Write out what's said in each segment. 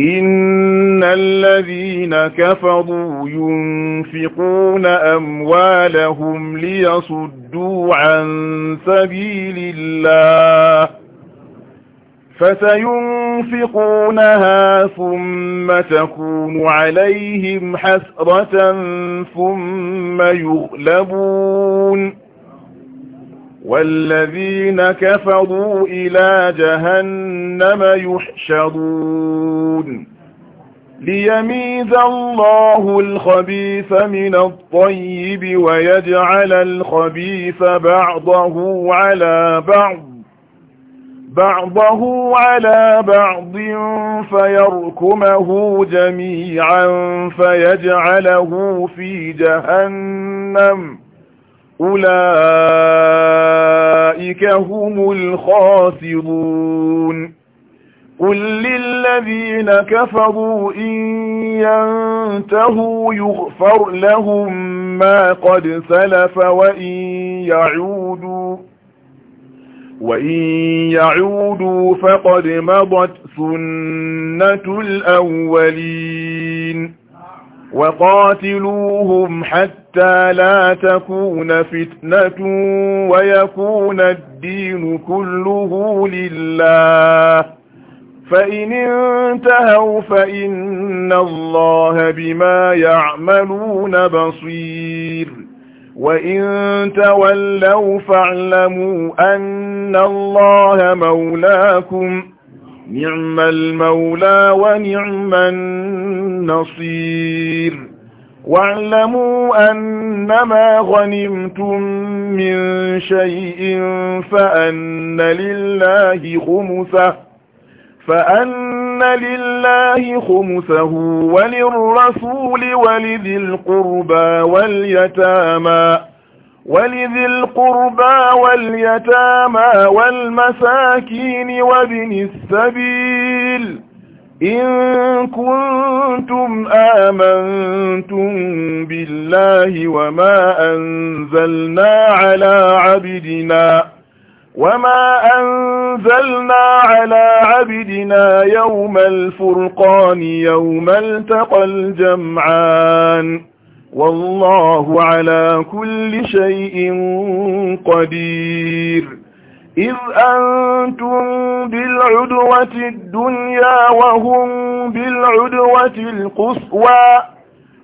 إن الذين كفروا ينفقون أموالهم ليصدوا عن سبيل الله فسينفقونها ثم تكون عليهم حسرة ثم يغلبون والذين كفروا إلى جهنم يحشرون ليميز الله الخبيث من الطيب ويجعل الخبيث بعضه على بعض بعضه على بعض فيركمه جميعا فيجعله في جهنم أولئك هم الخاسرون قل للذين كفروا إن ينتهوا يغفر لهم ما قد سلف وإن يعودوا وإن يعودوا فقد مضت سنة الأولين وقاتلوهم حتى لا تكون فتنة ويكون الدين كله لله فإن انتهوا فإن الله بما يعملون بصير وإن تولوا فاعلموا أن الله مولاكم نعم المولى ونعم النصير واعلموا أنما غنمتم من شيء فأن لله خمسه فأن لله خمسه وللرسول ولذي القربى واليتامى ولذي القربى واليتامى والمساكين وابن السبيل إن كنتم آمنتم بالله وما أنزلنا على عبدنا وما أنزلنا على عبدنا يوم الفرقان يوم التقى الجمعان والله على كل شيء قدير إذ أنتم بالعدوة الدنيا وهم بالعدوة القصوى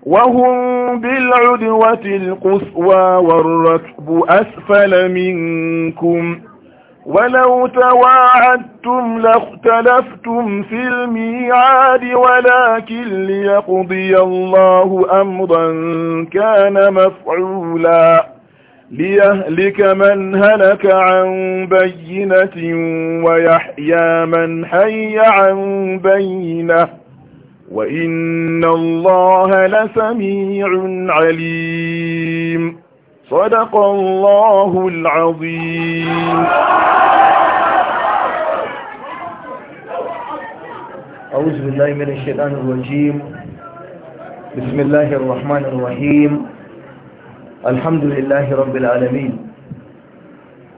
وهم بالعدوة القصوى والركب أسفل منكم ولو تواعدتم لاختلفتم في الميعاد ولكن ليقضي الله أمرا كان مفعولا ليهلك من هلك عن بينة ويحيى من حي عن بينة وإن الله لسميع عليم صدق الله العظيم أعوذ بالله من الشيطان الرجيم بسم الله الرحمن الرحيم الحمد لله رب العالمين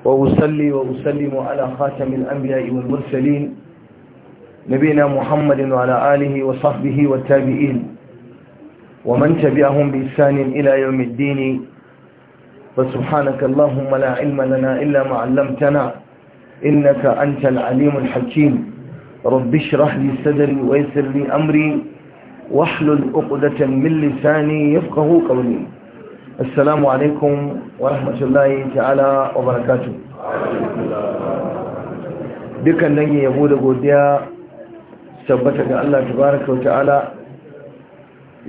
وأصلي وأسلم على خاتم الأنبياء والمرسلين نبينا محمد وعلى آله وصحبه والتابعين ومن تبعهم بإحسان إلى يوم الدين فسبحانك اللهم لا علم لنا إلا ما علمتنا إنك أنت العليم الحكيم رب اشرح لي صدري ويسر لي أمري واحلل عقدة من لساني يفقه قولي السلام عليكم ورحمة الله تعالى وبركاته dukan nan yabo da godiya tabbata ga Allah tabaraka wa ta'ala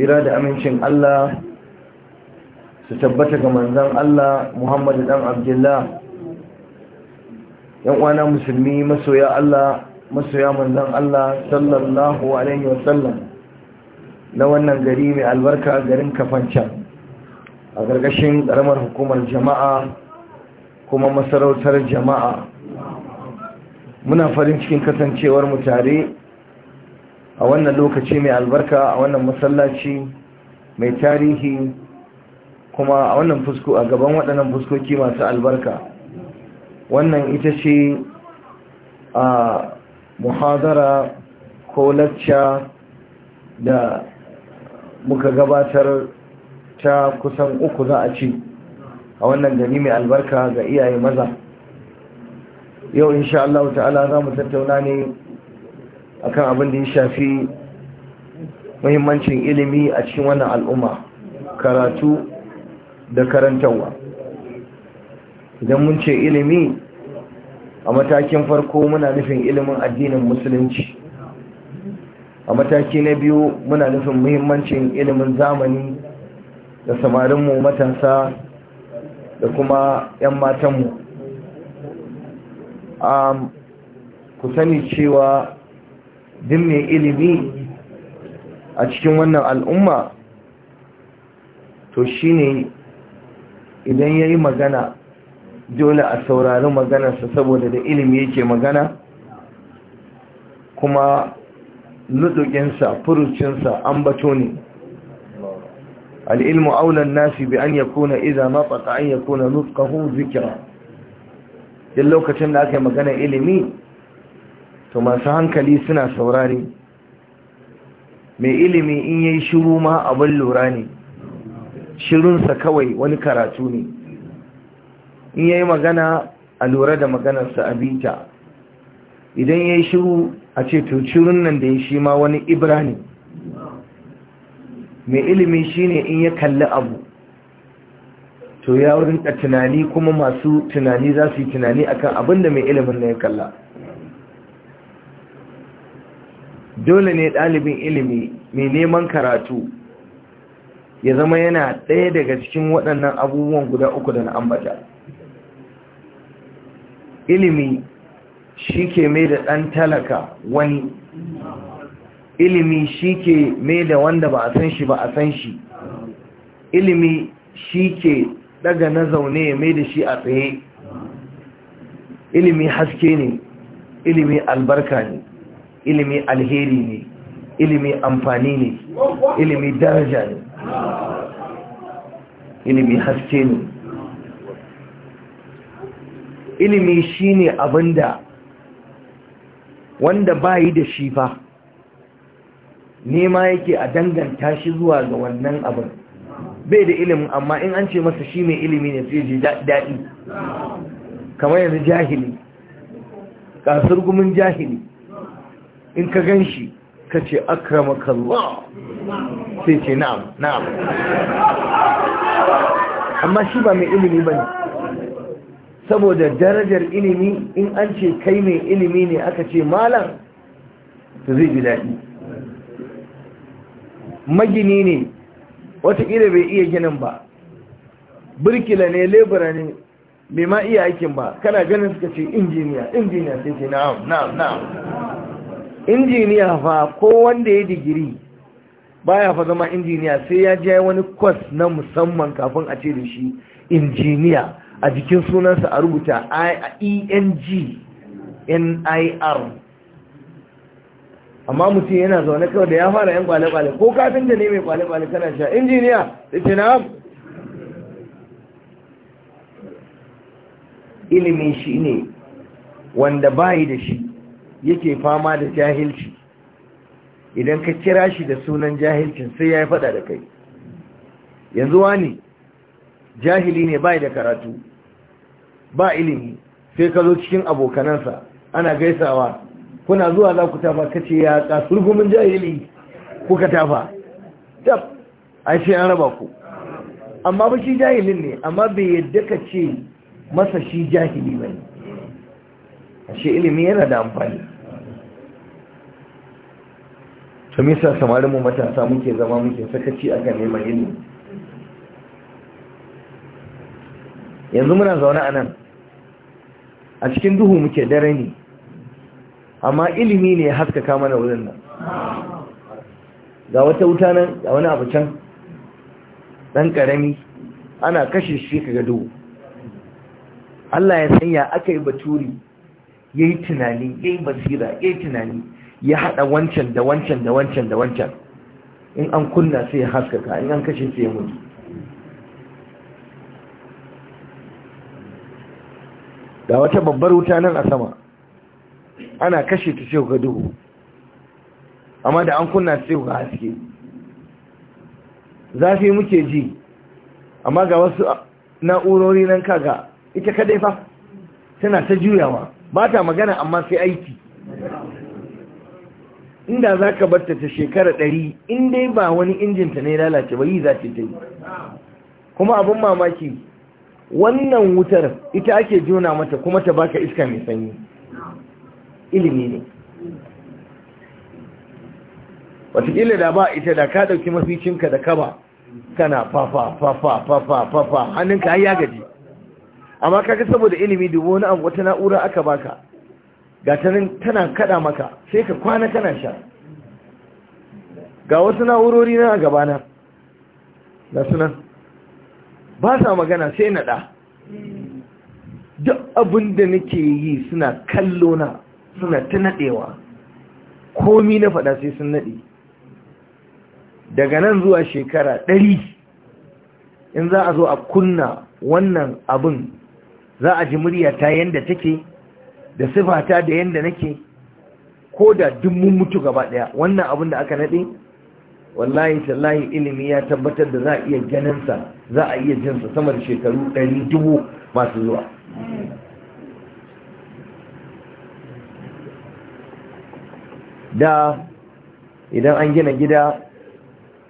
ira da amincin Allah su tabbata ga manzan Allah Muhammadu dan Abdullah yan uwana musulmi masoya Allah masoya manzan Allah sallallahu alaihi wasallam na wannan gari mai albarka garin Kafancan a gargashin karamar hukumar jama'a kuma masarautar jama'a muna farin cikin kasancewar mu tare a wannan lokaci mai albarka a wannan masallaci mai tarihi kuma a wannan fusko a gaban waɗannan fuskoki masu albarka wannan ita ce a muhazara ko lacca da muka gabatar ta kusan uku za a ci a wannan gani mai albarka ga iyaye maza yau insha Allah ta'ala za mu tattauna ne akan abin da ya shafi muhimmancin ilimi a cikin wannan al'umma karatu da karantarwa idan mun ce ilimi a matakin farko muna nufin ilimin addinin musulunci a mataki na biyu muna nufin muhimmancin ilimin zamani da samarinmu matasa da kuma 'yan matanmu ku sani cewa duk mai ilimi a cikin wannan al'umma to shine idan ya yi magana dole a saurari maganarsa saboda da ilimi yake magana kuma nudukinsa furucinsa an bato ne al'ilmu aunan nasi bi an yakuna iza mafata an yakuna nutkahu zikira yin lokacin da aka yi magana ilimi to masu hankali suna saurari mai ilimi in yi shiru ma abin lura ne shirinsa kawai wani karatu ne in ya yi magana a lura da maganarsa a bita idan ya yi shiru a ce to shirin nan da ya shi ma wani ibra ne mai ilimi shine in ya kalli abu to ya wurin tunani kuma masu tunani za su yi tunani akan abin da mai ilimin na ya kalla dole ne ɗalibin ilimi mai neman karatu ya zama yana ɗaya daga cikin waɗannan abubuwan guda uku da na ambata ilimi shi ke mai da ɗan talaka wani ilimi shi ke mai da wanda ba a san shi ba a san shi ilimi shi ke daga na zaune ya mai da shi a tsaye ilimi haske ne ilimi albarka ne ilimi alheri ne ilimi amfani ne ilimi daraja ne ilimi haske ne ilimi shine abinda wanda bayi da shi fa nema yake a danganta shi zuwa ga wannan abin bai da ilimin amma in an ce masa shi mai ilimi ne sai ji daɗi kamar yanzu jahili kasar gumin jahili in ka gan shi ka ce akramakallah sai ce na'am na'am amma shi ba mai ilimi ba ne saboda darajar ilimi in an ce kai mai ilimi ne aka ce malam to zai ji daɗi magini ne watakila bai iya ginin ba birkila ne lebura ne bai ma iya aikin ba kana ganin suka ce injiniya injiniya sai ce na'am na'am na'am injiniya fa ko wanda ya digiri baya fa zama injiniya sai ya je wani kwas na musamman kafin a ce da shi injiniya a jikin sunansa a rubuta eng nir amma mutum yana zaune kawai da ya fara yan kwale-kwale ko kafin da ne mai kwale-kwale kana sha injiniya da ce na ilimin shi ne wanda bayi da shi yake fama da jahilci idan ka kira shi da sunan jahilcin sai ya yi fada da kai yanzu wani jahili ne bai da karatu ba ilimi sai ka zo cikin abokanansa ana gaisawa kuna zuwa za ku tafa ka ce ya kasurgumin jahili kuka tafa tab a ce an raba ku amma ba shi jahilin ne amma bai yadda ka ce masa shi jahili bane ashe ilimi yana da amfani to misa samarin mu matasa muke zama muke sakaci akan neman ilimi yanzu muna zaune a nan a cikin duhu muke dare ne amma ilimi ne haskaka mana wurin nan ga wata wuta nan ga wani abu can ɗan ƙarami ana kashe shi ga duhu Allah ya sanya aka yi baturi ya yi tunani ya yi basira ya yi tunani ya haɗa wancan da wancan da wancan da wancan in an kunna sai ya haskaka in an kashe sai ya mutu da wata babbar wuta nan a sama ana kashe ta sai ga duhu amma da an kunna sai ga haske zafi muke ji amma ga wasu na'urori nan kaga ita kadai fa tana ta juyawa ba ta magana amma sai aiki inda za ka barta ta shekara ɗari in dai ba wani injinta ne lalace ba yi za ta yi kuma abin mamaki wannan wutar ita ake jona mata kuma ta baka iska mai sanyi ilimi ne watakila da ba ita da ka ɗauki maficinka da kaba kana fafa fafa fafa fafa hannunka har ya gaji amma kaga saboda ilimi dubu wani abu wata na'ura aka baka ga tanin tana kada maka sai ka kwana kana sha ga wasu na'urori na a gabana na, suna ba sa magana sai naɗa duk abin da nake yi suna kallo na suna ta naɗewa komi na faɗa sai sun naɗe daga nan zuwa shekara ɗari in za a zo a kunna wannan abin za a ji muryata yadda take da sifata da yadda nake ko da duk mun mutu gaba daya wannan abin da aka naɗe, wallahi tallahi ilimi ya tabbatar da za a iya ganinsa za a iya jinsa sama da shekaru 100,000 masu zuwa da idan an gina gida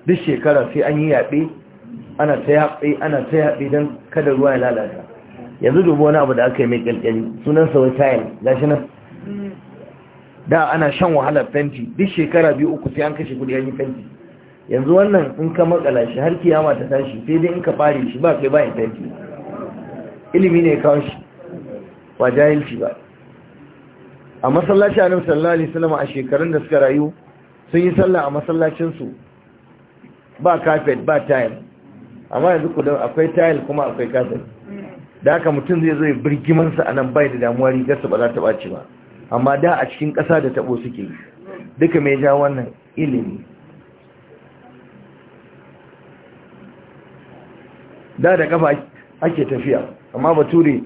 duk shekara sai an yi yaɓe ana ta yaɓe ana ta yaɓe don kada ruwa ya lalata yanzu dubu wani abu da aka yi mai ƙanƙani sunan sauyi tayil gashi nan da ana shan wahalar fenti duk shekara biyu uku sai an kashe kudi an yi fenti yanzu wannan in ka makala shi har kiyama ta tashi sai dai in ka fari shi ba kai bayan fenti ilimi ne kawo shi ba jahilci ba a masallaci annabi sallallahu alaihi wasallam a shekarun da suka rayu sun yi sallah a masallacin su ba carpet ba tile amma yanzu kudin akwai tile kuma akwai carpet da haka mutum zai zo ya birgimansa a nan bai da damuwa rigarsa ba za ta ɓaci ba amma da a cikin ƙasa da taɓo suke duka mai ja wannan ilimi da da kafa ake tafiya amma bature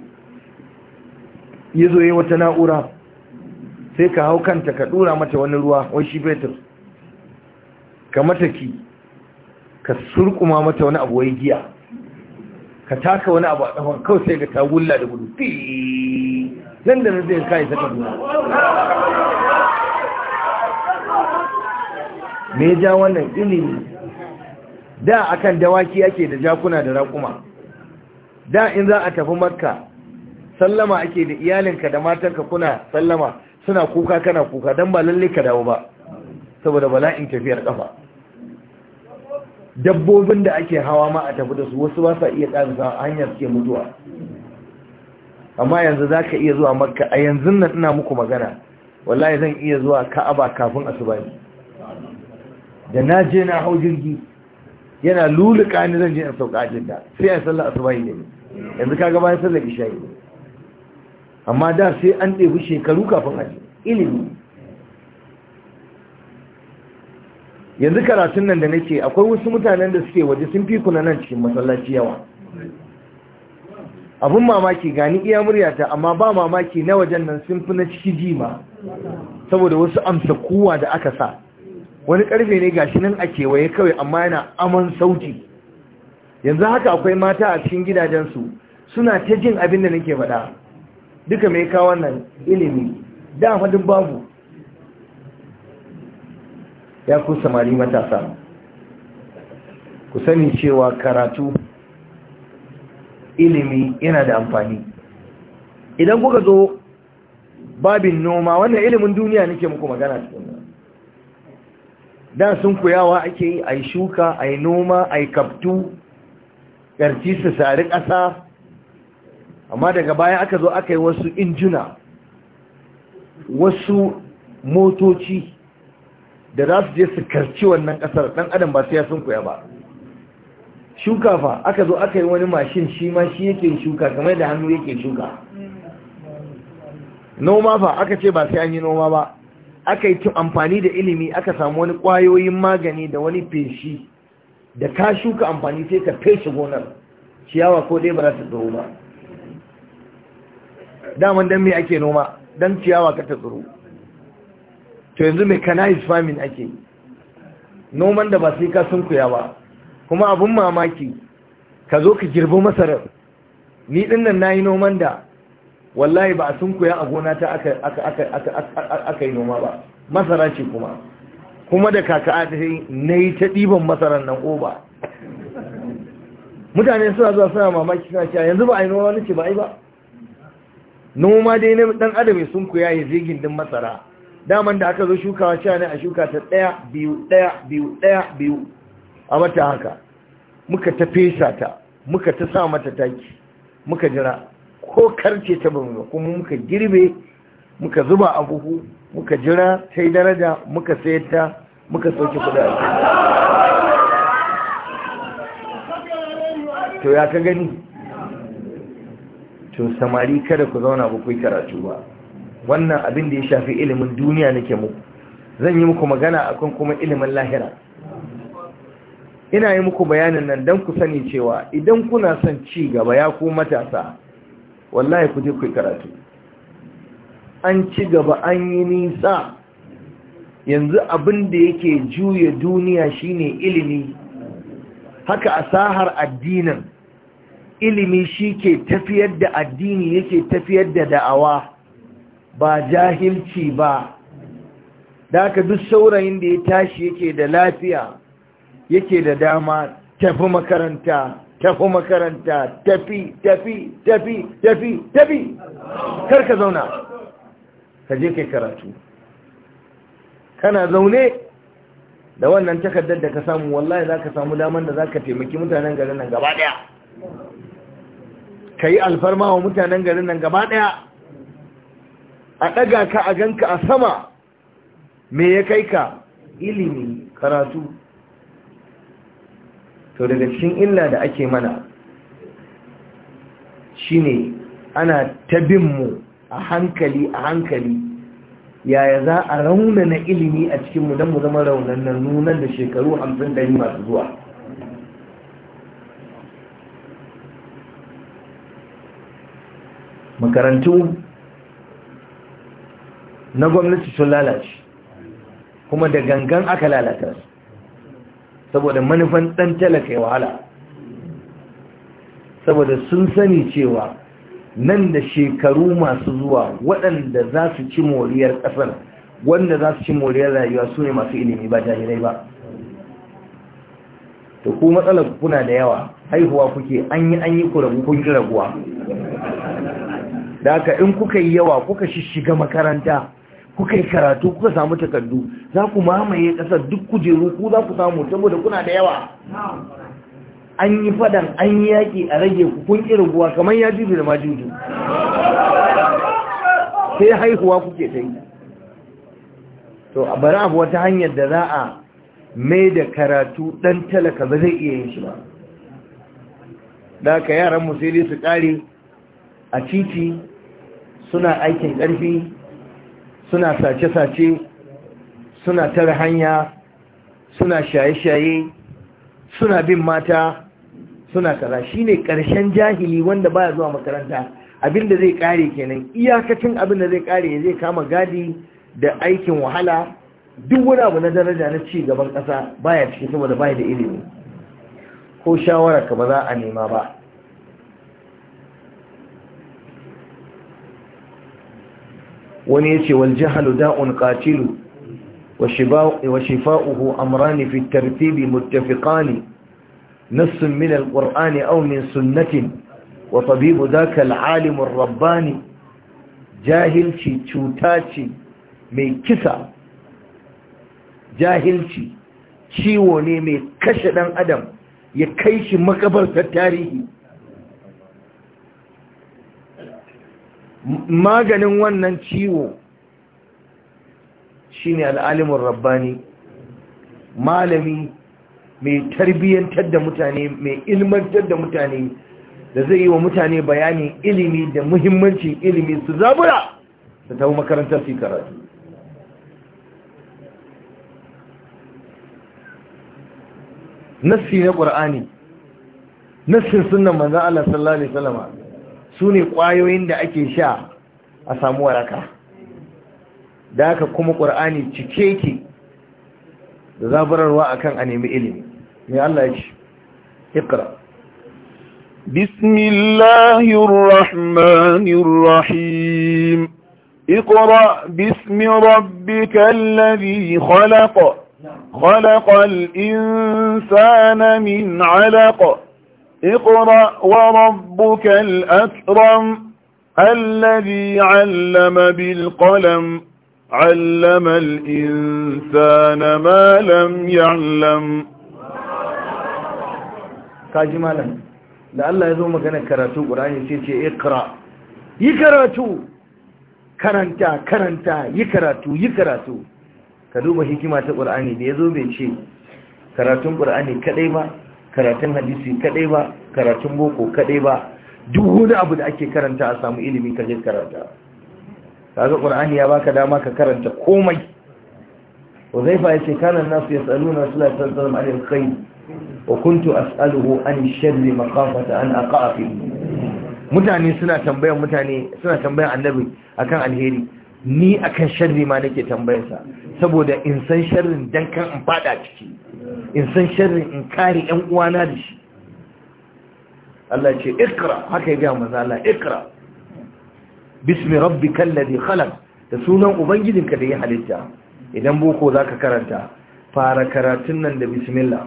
ya zo yi wata na'ura sai ka hau kanta ka ɗura mata wani ruwa wai shi fetur ka mataki ka surkuma mata wani abu wai giya ka taka wani abu a kafan kawai sai ga ta wulla da gudu nan da nan zai yi ta gudu me ja wannan ilimi da akan dawaki ake da jakuna da raƙuma da in za a tafi makka sallama ake da iyalinka da matanka kuna sallama suna kuka kana kuka don ba lalle ka dawo ba saboda bala'in tafiyar ƙafa. dabbobin da ake hawa ma a tafi da su wasu ba sa iya ƙarisa hanyar suke mutuwa amma yanzu za ka iya zuwa makka a yanzu nan ina muku magana wallahi zan iya zuwa ka'aba kafin asuba da na je na hau jirgi yana luluka ni zan je in sauka sai a sallar asuba ne yanzu kaga bayan sallar isha'i amma da sai an ɗebi shekaru kafin aji ilimi yanzu karatun nan da nake akwai wasu mutanen da suke waje sun fi kuna nan cikin masallaci yawa abun mamaki gani iya muryata amma ba mamaki na wajen nan sun fi na ciki jima saboda wasu amsa kowa da aka sa wani karfe ne gashi nan a kewaye kawai amma yana aman sauti yanzu haka akwai mata a cikin gidajensu suna ta jin abin da nake faɗa duka mai kawo nan ilimi da duk babu ya ku samari matasa ku sani cewa karatu ilimi yana da amfani idan kuka zo babin noma wannan ilimin duniya nake muku magana cikin da sun kuyawa ake yi a yi shuka a yi noma a yi kaftu ƙarfi su sari ƙasa amma daga baya aka zo aka yi wasu injuna wasu motoci da za su je su karci wannan ƙasar ɗan adam ba sai ya sun koya ba shuka fa aka zo aka yi wani mashin shi ma shi yake shuka kamar da hannu yake shuka noma fa aka ce ba sai an yi noma ba aka yi amfani da ilimi aka samu wani kwayoyin magani da wani feshi da ka shuka amfani sai ka feshi gonar ciyawa ko dai ba za su tsoro ba daman don me ake noma dan ciyawa ka ta tsoro to yanzu mechanized farming ake noman da ba sai ka kuya ba kuma abun mamaki ka zo ka girbi masarar ni dinnan nayi noman da wallahi ba a sunkuya a gona ta aka aka aka aka yi noma ba masara ce kuma kuma da kaka ta yi nayi ta diban masarar nan oba mutane suna zuwa suna mamaki suna cewa yanzu ba a yi noma wani ce ba ai ba noma dai na dan adam ya kuya ya je gindin masara daman da aka zo shukawa cewa ne a shuka ta ɗaya biyu ɗaya biyu ɗaya biyu a mata haka muka ta fesa ta muka ta sa mata taki muka jira ko karce ta bamu kuma muka girbe muka zuba a buhu muka jira ta yi daraja muka sayar ta muka sauke kudade to ya ka gani to samari kada ku zauna ba ku karatu ba wannan abin da ya shafi ilimin duniya nake muku zan yi muku magana akan kuma ilimin lahira ina yi muku bayanin nan don ku sani cewa idan kuna son ci gaba ya ku matasa wallahi ku je ku karatu an ci gaba an yi nisa yanzu abin da yake juya duniya shine ilimi haka a sahar addinin ilimi shi ke tafiyar da addini yake tafiyar da da'awa ba jahilci ba da aka duk saurayin da ya tashi yake da lafiya yake da dama tafi makaranta tafi makaranta tafi tafi tafi tafi tafi karka zauna ka je kai karatu kana zaune da wannan takardar da ka samu wallahi za ka samu daman da za ka taimaki mutanen garin nan gaba daya ka yi alfarma wa mutanen garin nan gaba daya a ɗaga ka a ganka a sama me ya kai ka ilimi karatu to daga cikin illa da ake mana shi ne ana ta tabinmu a hankali a hankali yaya za a raunana ilimi a cikinmu don mu zama raunannan nunan da shekaru hamsin masu zuwa makarantu na gwamnati sun lalace kuma da gangan aka lalata su saboda manufan ɗan talaka wahala saboda sun sani cewa nan da shekaru masu zuwa waɗanda za su ci moriyar ƙasar wanda za su ci moriyar rayuwa su ne masu ilimi ba jahilai ba Ta ku matsalar kuna da yawa haihuwa kuke an yi an yi kurabu kun raguwa da haka in kuka yi yawa kuka shiga makaranta kuka yi karatu kuka samu takardu za ku mamaye ƙasar duk kujeru ku za ku samu saboda kuna da yawa an yi fadan an yi yaƙi a rage ku kun irin ruwa kamar ya juju da majuju sai haihuwa kuke ta yi to a bari abu wata hanyar da za a mai da karatu ɗan talaka ba zai iya yin shi ba da ka yaran mu sai dai su ƙare a titi suna aikin ƙarfi suna sace-sace suna tara hanya suna shaye-shaye suna bin mata suna kaza ne ƙarshen jahili wanda baya zuwa makaranta abinda zai ƙare kenan iyakacin abin da zai kare zai kama gadi da aikin wahala duk wani abu na daraja na ci gaban kasa baya cikin saboda baya da ilimi ko shawara ka ba za a nema ba wani ya ce waljahalu da'un katilu wa shifa'uhu amrani fi tartibi muttafiqani na min alqur'ani aumin min sunnatin wa tabibu dhaka alalim arrabbani jahilci cutaci mai kisa jahilci ciwo ne mai kashe ɗan adam ya kai shi makabar tarihi maganin wannan ciwo shine al'alimin rabbani malami mai tarbiyyantar da mutane mai ilmantar da mutane da zai yi wa mutane bayanin ilimi da muhimmancin ilimi su zabura su tafi makarantar su karatu nassi na ƙur'ani nassin sunan manzan Allah sallallahu Alaihi wasallama su ne ƙwayoyin da ake sha a samu waraka da haka kuma ƙur'ani cike ki da zaburarwa akan a nemi ilimi mai Allah ya ce ikra بسم الله الرحمن الرحيم اقرأ باسم اقرأ وربك الأكرم الذي علم بالقلم علم الإنسان ما لم يعلم kaji malam da Allah ya zo magana karatu Qur'ani sai ce ikra yi karatu karanta karanta yi karatu yi karatu ka duba hikima ta Qur'ani da yazo bai ce karatun ƙur'ani kaɗai ba karatun hadisi kadai ba karatun boko kadai ba duk wani abu da ake karanta a samu ilimi ka je karanta kaga qur'ani ya baka dama ka karanta komai uzaifa yace kana nasu yasaluna rasulullahi sallallahu alaihi wasallam alil khair wa kuntu as'aluhu an sharri makhafata an aqa'a fi mutane suna tambayan mutane suna tambayan annabi akan alheri ni akan sharri ma nake tambayarsa saboda in san sharrin dan kan in fada ciki in san sharrin in kare yan uwana da shi Allah ce ikra haka ya gaya maza Allah ikra bismi rabbikal ladhi khalaq da sunan ubangijinka da ya halitta idan boko zaka karanta fara karatun nan da bismillah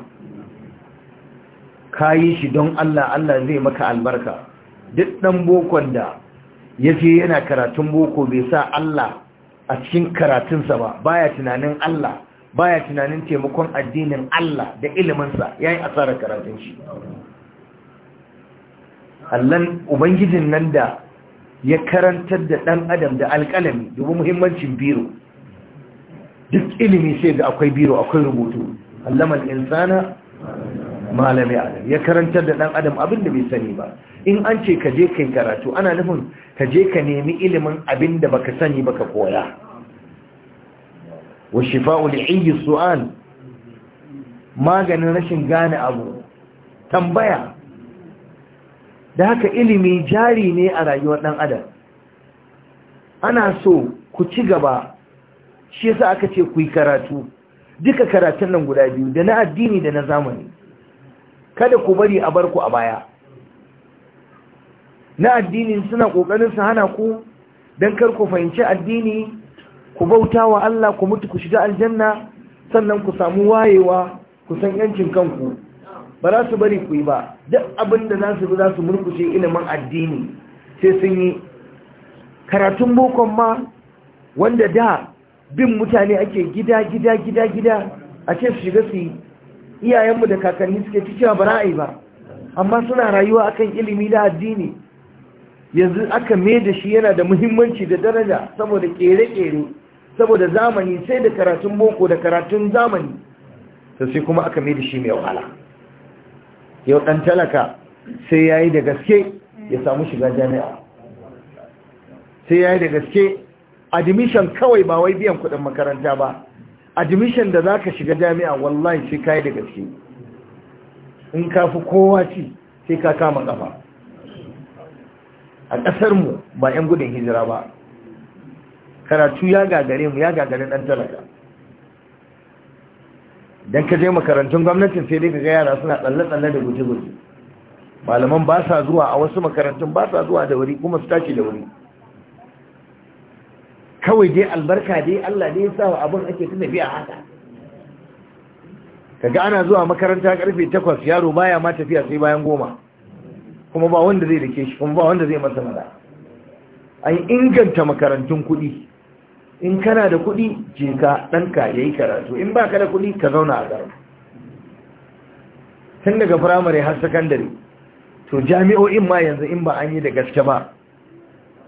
kayi shi don Allah Allah zai maka albarka duk dan bokon da yaje yana karatun boko bai sa Allah a cikin karatunsa ba baya tunanin Allah baya tunanin taimakon addinin Allah da iliminsa ya yi asarar karatun shi allan ubangijin nan da ya karantar da ɗan adam da alƙalami dubu muhimmancin biro duk ilimi sai da akwai biro akwai rubutu allamal insana malami adam ya karantar da ɗan adam abin da bai sani ba in an ce ka je kai karatu ana nufin ka je ka nemi ilimin abin da baka sani baka koya wa shifa'u li'iyyi su'al maganin rashin gane abu tambaya da haka ilimi jari ne a rayuwar ɗan adam ana so ku ci gaba shi yasa aka ce ku yi karatu duka karatun nan guda biyu da na addini da na zamani kada ku bari a barku a baya na addini suna ƙoƙarin su hana ku Dan kar ku fahimci addini ku bauta wa Allah ku mutu ku shiga aljanna sannan ku samu wayewa ku san yancin kanku ba za su bari ku yi ba duk abin da za su za su murkushe ilimin addini sai sun yi karatun bokon ma wanda da bin mutane ake gida gida gida gida a ce su shiga su iyayenmu da kakanni suke ci cewa ba ra'ayi ba amma suna rayuwa akan ilimi da addini yanzu aka mai da shi yana da muhimmanci da daraja saboda kere-kere saboda zamani sai da karatun boko da karatun zamani to sai kuma aka mai da shi mai wahala yau dan talaka sai yayi da gaske ya samu shiga jami'a sai yayi da gaske admission kawai ba wai biyan kuɗin makaranta ba admission da zaka shiga jami'a wallahi sai kai da gaske in ka fi kowa ci sai ka kama kafa a ƙasarmu ba 'yan gudun hijira ba karatu ya gagare mu ya gagare dan talaka dan ka je makarantun gwamnatin sai dai ka ga yara suna tsalle-tsalle da guje-guje malaman ba sa zuwa a wasu makarantun ba sa zuwa da wuri kuma su tashi da wuri kawai dai albarka dai Allah ne ya sa wa abin ake tuna biya haka kaga ana zuwa makaranta karfe takwas yaro baya ma tafiya sai bayan goma kuma ba wanda zai rike shi kuma ba wanda zai masa mara an inganta makarantun kuɗi in kana da kuɗi je ka ɗanka ya yi karatu in ba ka da kuɗi ka zauna a ƙarfi tun daga firamare har sakandare to jami'o'in ma yanzu in ba an yi da gaske ba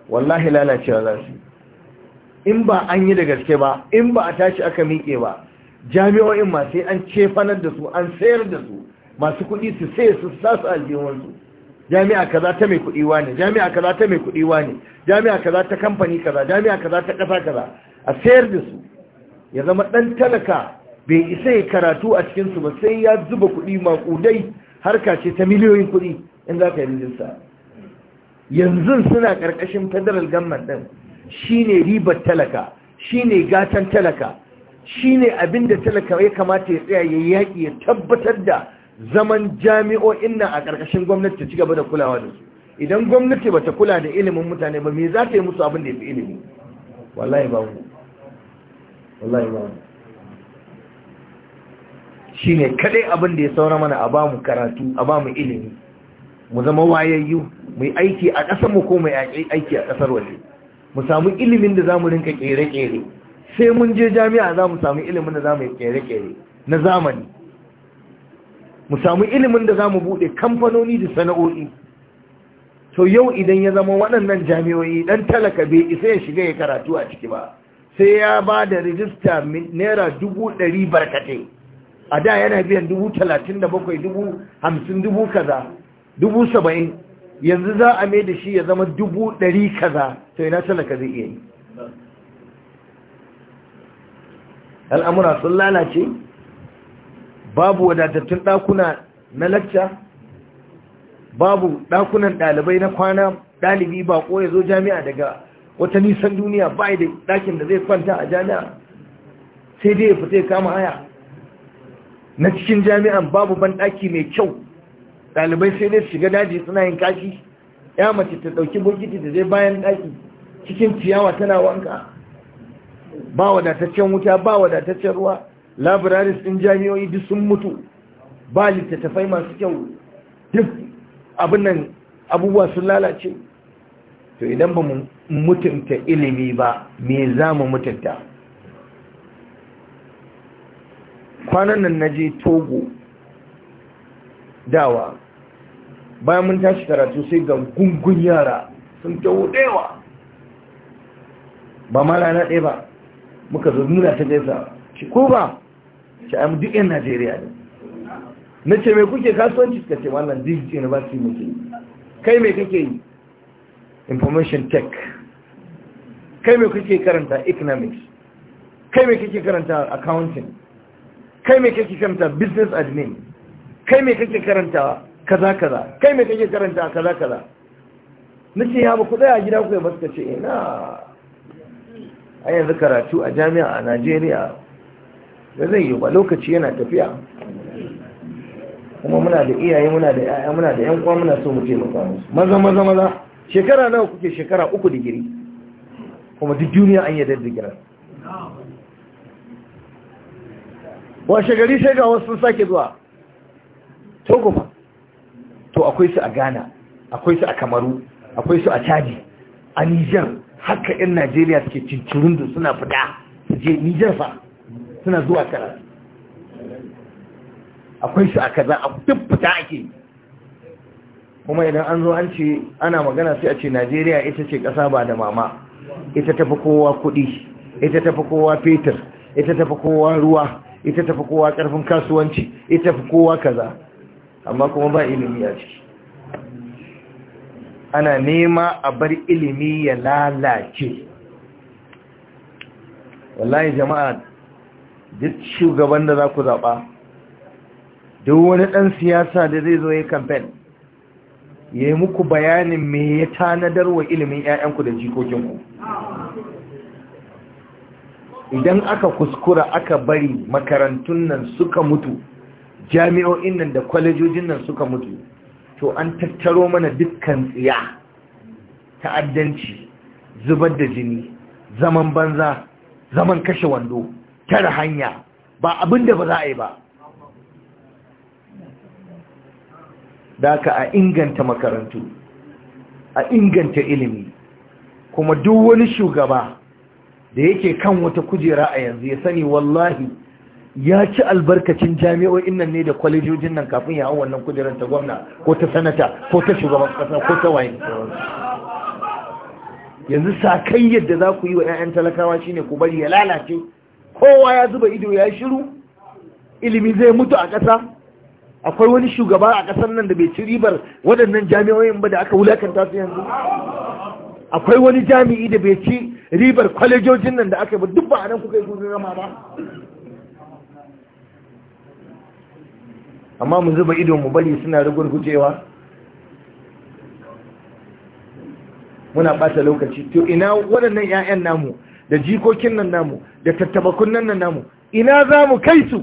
wallahi lalacewa za su in ba an yi da gaske ba in ba a tashi aka miƙe ba jami'o'in ma sai an cefanar da su an sayar da su masu kuɗi su sai su sasu aljihunsu jami'a kaza ta mai kuɗi wane jami'a kaza ta mai kuɗi wane jami'a kaza ta kamfani kaza jami'a kaza ta ƙasa kaza a sayar da su ya zama ɗan talaka bai isa ya karatu a cikinsu ba sai ya zuba kuɗi maƙudai harka ce ta miliyoyin kuɗi in za ka yi rijinsa yanzu suna ƙarƙashin federal gamman ɗin shi ne ribar talaka shi ne gatan talaka shi ne abin da talaka ya kamata ya tsaya ya yaƙi ya tabbatar da zaman jami'o'in nan a ƙarƙashin gwamnati ta ci gaba da kulawa da su idan gwamnati bata kula da ilimin mutane ba me za ta yi musu abin da ya fi ilimi wallahi ba mu wallahi ba mu shi ne kaɗai abin da ya saura mana a ba mu karatu a ba mu ilimi mu zama wayayyu mu yi aiki a ƙasar mu ko mu aiki a ƙasar waje mu samu ilimin da za mu rinka ƙere-ƙere sai mun je jami'a za mu samu ilimin da za mu yi ƙere-ƙere na zamani mu samu ilimin da za mu buɗe kamfanoni da sana'o'i to yau idan ya zama waɗannan jami'o'i ɗan talaka bai isa ya shiga ya karatu a ciki ba sai ya ba da rijista naira dubu ɗari barkatai a da yana biyan dubu talatin da bakwai dubu hamsin dubu kaza dubu saba'in yanzu za a mai da shi ya zama dubu ɗari kaza to ina talaka zai iya yi al'amura sun lalace babu wadatattun ɗakuna na lacca babu ɗakunan ɗalibai na kwana ɗalibi ba ko ya zo jami'a daga wata nisan duniya ba da ɗakin da zai kwanta a jami'a sai dai ya fita ya kama haya na cikin jami'an babu ban ɗaki mai kyau ɗalibai sai dai shiga daji suna yin kashi ya mace ta ɗauki bokiti da zai bayan ɗaki cikin ciyawa tana wanka ba wadataccen wuta ba wadataccen ruwa labararis ɗin jami'o'i duk sun mutu ba littattafai masu kyau duk abin nan abubuwa sun lalace to idan ba mu mutunta ilimi ba me za mu mutunta kwanan nan na je togo dawa bayan mun tashi karatu sai ga gungun yara sun taho ɗewa ba ma rana ɗaya ba muka zo nuna ta ɗaya sa. ko ba ce duk yan Najeriya ne na ce mai kuke kasuwanci suka ce wannan digital university muke kai mai kake yi information tech kai mai kake karanta economics kai mai kake karanta accounting kai mai kake karanta business admin kai mai kake karanta kaza kaza kai mai kake karanta kaza kaza na ce ya ba daya gida ku ya ba suka ce ina eh, a yanzu karatu a jami'a a najeriya da zai yi ba lokaci yana tafiya kuma muna da iyaye muna da yaya muna da 'yankuwa, muna so mu taimaka musu maza maza maza shekara nawa kuke shekara uku digiri kuma duk duniya an yadda digirar washe gari sai ga wasu sake zuwa togo ba to akwai su a ghana akwai su a kamaru akwai su a chadi a nijar haka 'yan najeriya suke cincirin da suna fita su je nijar fa suna zuwa kara akwai shi a kaza a duk fita ake kuma idan an zo an ce ana magana sai a ce najeriya ita ce ƙasa ba da mama ita tafi kowa kuɗi ita tafi kowa fetur ita tafi kowa ruwa ita tafi kowa ƙarfin kasuwanci ita tafi kowa kaza amma kuma ba ilimi a ciki ana nema a bar ilimi ya lalace wallahi jama'a duk shugaban da za ku zaɓa duk wani ɗan siyasa da zai zo ya kamfen ya yi muku bayanin me ya tanadar wa ilimin 'ya'yanku da jikokinku idan aka kuskura aka bari makarantun nan suka mutu jami'o'in nan da kwalejojin nan suka mutu to an tattaro mana dukkan tsiya ta'addanci zubar da jini zaman banza zaman kashe wando tara hanya ba abin da ba za a yi ba da ka a inganta makarantu a inganta ilimi kuma duk wani shugaba da yake kan wata kujera a yanzu ya sani wallahi ya ci albarkacin jami'o'in nan ne da kwalejojin nan kafin ya hau wannan kujerar ta gwamna ko ta sanata ko ta shugaban kasa ko ta waye yanzu sa kai yadda za ku yi wa 'ya'yan talakawa shine ku bari ya lalace kowa ya zuba ido ya shiru ilimi zai mutu a ƙasa akwai wani shugaba a ƙasar nan da bai ci ribar waɗannan jami'o'in ba da aka wulakanta su yanzu akwai wani jami'i da bai ci ribar kwalejojin nan da aka yi ba duk ba a nan kuka yi kun rama ba amma mu zuba ido mu bari suna gujewa? muna ɓata lokaci to ina waɗannan 'ya'yan namu da jikokin nan namu da tattabakun nan namu ina za mu kai su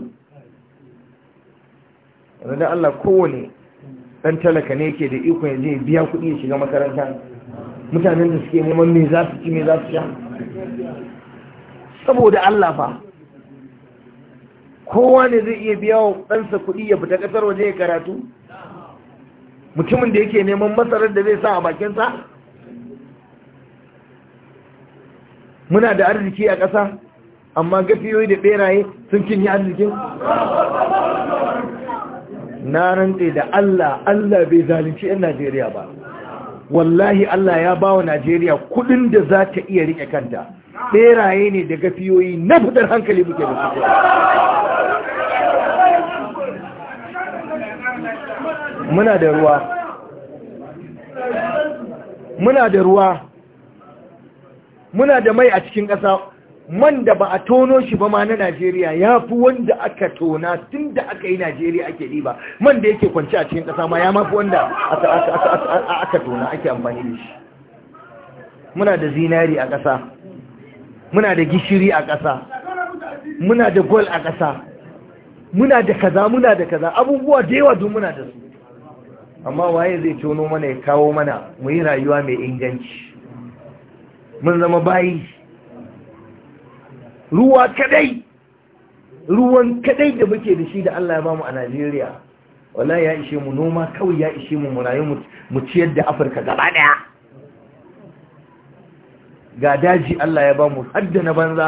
da Allah kowane ɗan talaka ne ke da ikon ya je biya kuɗi ya shiga makaranta mutanen da suke neman me za su ci me za su sha saboda Allah fa kowa ne zai iya biya wa ɗansa kuɗi ya fita ƙasar waje ya karatu mutumin da yake neman masarar da zai sa a bakinsa muna da arziki a ƙasa amma gafiyoyi da beraye sun cinye arzikin na rantse da Allah Allah bai zalunci 'yan Najeriya ba wallahi Allah ya ba wa Najeriya kudin da za ta iya rike kanta beraye ne da gafiyoyi na fudar hankali muke da su muna da ruwa muna da ruwa muna da mai a cikin ƙasa man da ba a tono shi ba ma na Najeriya ya fi wanda aka tona tun da aka yi Najeriya ake riba man da yake kwanci a cikin ƙasa ma ya mafi wanda aka tona ake amfani da shi muna da zinari a ƙasa muna da gishiri a ƙasa muna da gol a ƙasa muna da kaza muna da kaza abubuwa da yawa duk muna da su amma waye zai tono mana ya kawo mana mu yi rayuwa mai inganci mun zama bayi ruwa kadai ruwan kadai da muke da shi da Allah ya bamu a Najeriya wala ya ishe mu noma kawai ya ishe mu murayi mu ciyar da Afirka gaba daya ga daji Allah ya bamu hadda na banza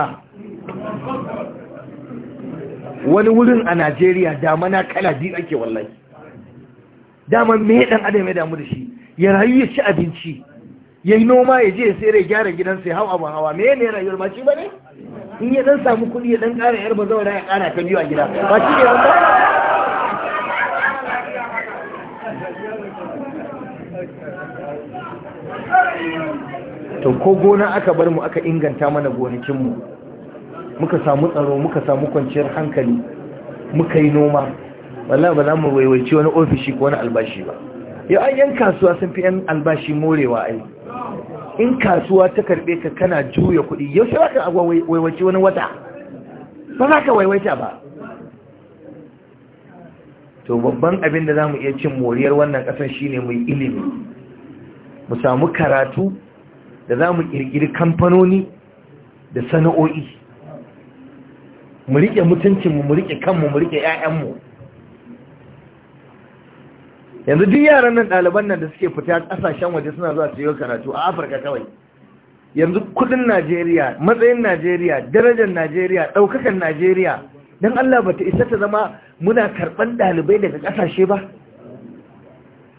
wani wurin a Najeriya damana kala biyu ake wallahi Dama me dan adam ya damu da shi ya rayu ya ci abinci ya yi noma ya je ya sayar ya gyara gidansa ya hau abin hawa me ne rayuwar ba ci ba ne in ya dan samu kuɗi ya dan ƙara yar bazawara ya ƙara ta biyu a gida ba shi ne wanda to ko gona aka bar mu aka inganta mana gonakinmu muka samu tsaro muka samu kwanciyar hankali muka yi noma wallahi ba za mu waiwaici wani ofishi ko wani albashi ba yau ai kasuwa sun fi yan albashi morewa ai in kasuwa ta karbe ka kana juya kuɗi yau shi za ka waiwaci wani wata ba za ka waiwaita ba to babban abin da za mu iya cin moriyar wannan ƙasar shine mu yi ilimi mu samu karatu da za mu ƙirƙiri kamfanoni da sana'o'i mu riƙe mutuncinmu mu riƙe kanmu mu riƙe 'ya'yanmu yanzu duk yaran nan ɗaliban nan da suke fita ƙasashen waje suna zuwa su yi karatu a afirka kawai yanzu kudin najeriya matsayin najeriya darajar najeriya ɗaukakan najeriya don allah ba ta isa ta zama muna karɓar ɗalibai daga ƙasashe ba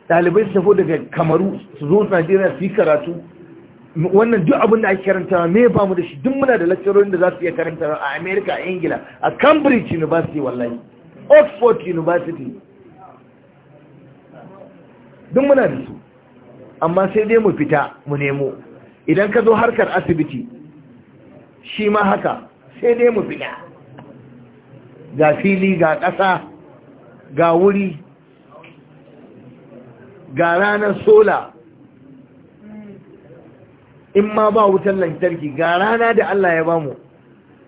ɗalibai su tafi daga kamaru su zo najeriya su yi karatu wannan duk abin da ake karantawa me ba mu da shi duk muna da lecturerin da za su iya karantawa a america a ingila a cambridge university wallahi oxford university duk muna da su amma sai dai mu fita mu nemo idan ka zo harkar asibiti shi ma haka sai dai mu fita ga fili ga ƙasa ga wuri ga ranar sola in ma ba wutar lantarki ga rana da Allah ya bamu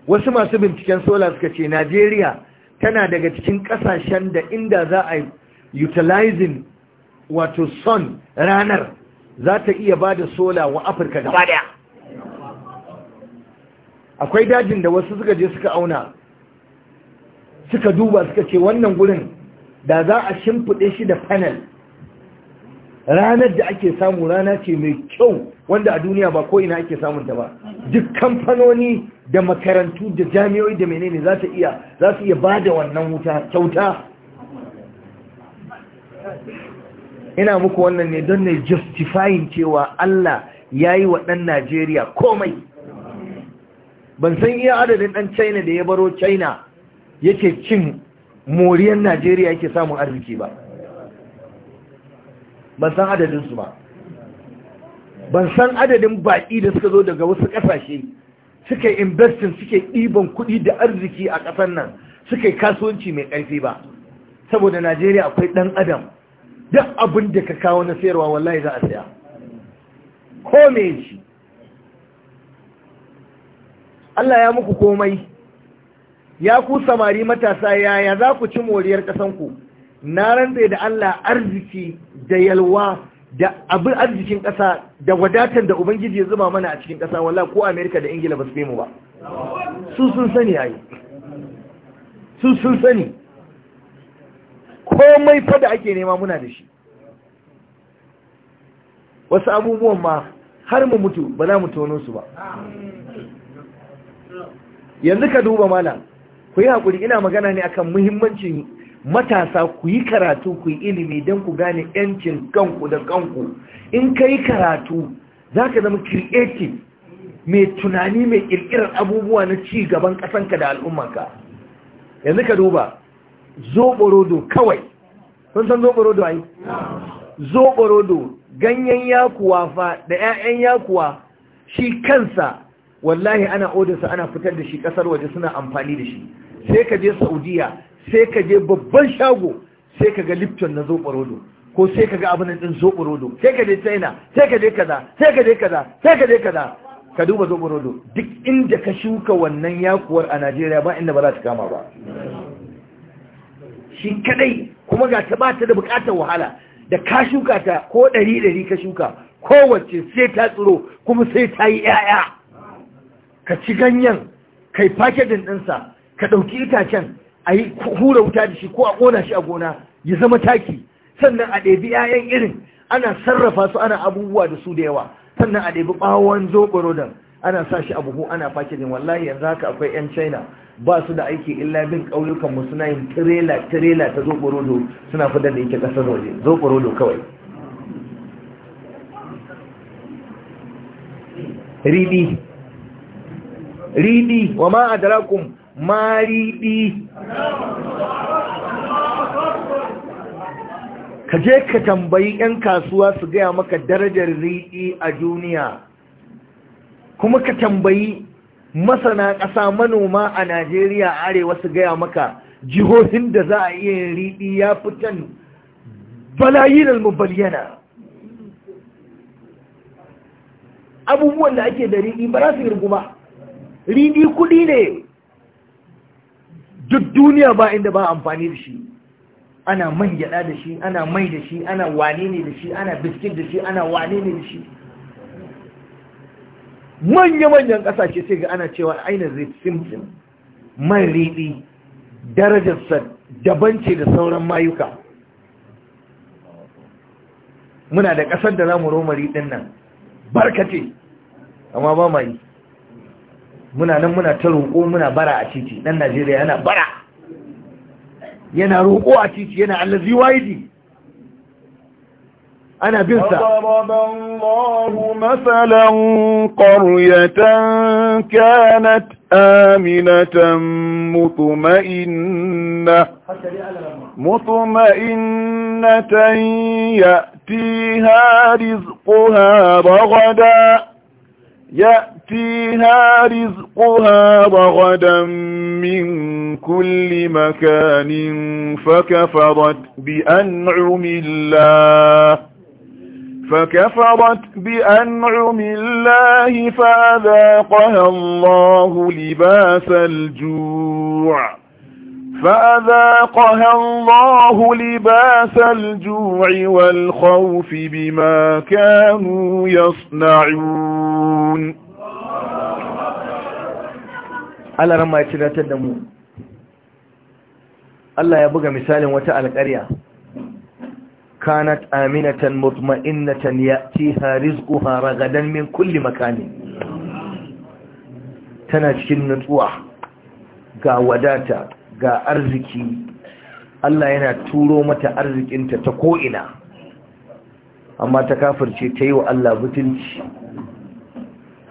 wasu masu binciken sola suka ce Najeriya tana daga cikin kasashen da inda za a utilizing wato son ranar za ta iya ba da sola wa afirka da ba akwai dajin da wasu suka je suka auna suka duba suka ce wannan gurin da za a shimfiɗe shi da panel ranar da ake samu rana ce mai kyau wanda a duniya ba ko ina ake samun ta ba duk kamfanoni da makarantu da jami'oi da menene za ta iya za su iya ba da wannan wuta kyauta ina muku wannan ne don ne justifying cewa Allah ya yi wa ɗan Najeriya komai ban san iya adadin ɗan China da ya baro China yake cin moriyar Najeriya yake samun arziki ba ban san adadinsu ba ban san adadin baƙi da suka zo daga wasu ƙasashe suka yi investing suke ɗiban kuɗi da arziki a ƙasar nan suka yi kasuwanci mai ƙarfi ba saboda Najeriya akwai ɗan adam duk abin da ka kawo na sayarwa wallahi za a saya ko me shi Allah ya muku komai ya ku samari matasa yaya za ku ci moriyar ƙasanku na rantse da Allah arziki da yalwa da abin arzikin ƙasa da wadatar da Ubangiji ya zuba mana a cikin ƙasa wallahi ko Amerika da Ingila ba su mu ba su sun sani yayi su sun sani komai fa da ake nema muna da shi wasu abubuwan ma har mu mutu ba za mu tono su ba yanzu ka duba malam ku yi haƙuri ina magana ne akan muhimmancin matasa ku yi karatu ku yi ilimi don ku gane yancin kanku da kanku in ka yi karatu za ka zama creative mai tunani mai ƙirƙirar abubuwa na ci gaban ƙasanka da al'ummanka yanzu ka duba Zoborodo kawai sun san zoborodo ai Zoborodo ganyen yakuwa fa da 'ya'yan yakuwa shi kansa wallahi ana odarsa ana fitar da shi ƙasar waje suna amfani da shi sai ka je saudiya sai ka je babban shago sai ka ga lipton na zoborodo. ko sai ka ga abin ɗin sai ka je china sai ka je kaza sai ka je kaza sai ka je kaza ka duba zoborodo. duk inda ka shuka wannan yakuwar a najeriya ba inda ba za ta kama ba shi kadai kuma ga ta bata da bukatar wahala da ka shuka ta ko ɗari ɗari ka shuka kowace sai ta tsiro kuma sai ta yi ‘ya'ya ka ci ganyen kai fakedin ɗinsa ka ɗauki itacen a yi hura wuta da shi ko a ƙona shi a gona ya zama taki sannan a ɗebi ‘ya'yan irin ana sarrafa su ana abubuwa da su da yawa sannan a ɗebi ɓawon zoɓaro ana sa shi a buhu ana fakijin wallahi yanzu haka akwai 'yan china ba su da aiki illa bin ƙauyukan mu suna yin tirela tirela ta zoɓorodo suna fidar da yake ƙasar waje zoɓorodo kawai Ribi. Ribi, wa ma adarakum ma ribi. ka je ka tambayi 'yan kasuwa su gaya maka darajar riɗi a duniya kuma ka tambayi masana ƙasa manoma a najeriya arewa su gaya maka jihohin da za a iya yin riɗi ya fitan balayin almubayyana abubuwan da ake da riɗi ba za su yi ba riɗi kuɗi ne duk duniya ba inda ba amfani da shi ana man gyaɗa da shi ana mai da shi ana wane ne da shi ana biskit da shi ana wane ne da shi manya-manyan ƙasashe sai ga ana cewa aina zai simsim man riɗi darajarsa daban ce da sauran mayuka muna da ƙasar da za mu roma riɗin nan barkace amma ba mai muna nan muna ta roƙo muna bara a titi ɗan najeriya yana bara yana roƙo a titi yana allazi wa'idi أنا بنسى ضرب الله مثلا قرية كانت آمنة مطمئنة مطمئنة يأتيها رزقها رغدا يأتيها رزقها رغدا من كل مكان فكفرت بأنعم الله فكفرت بأنعم الله فأذاقها الله لباس الجوع فأذاقها الله لباس الجوع والخوف بما كانوا يصنعون الله رمى ma ya الله يبقى مثال وتعالى ya kanat aminatan mutma'innatan ya'tiha rizquha ragadan min kulli makani tana cikin nutsuwa ga wadata ga arziki Allah yana turo mata arzikinta ta ko'ina amma ta kafirce ta yi wa Allah butulci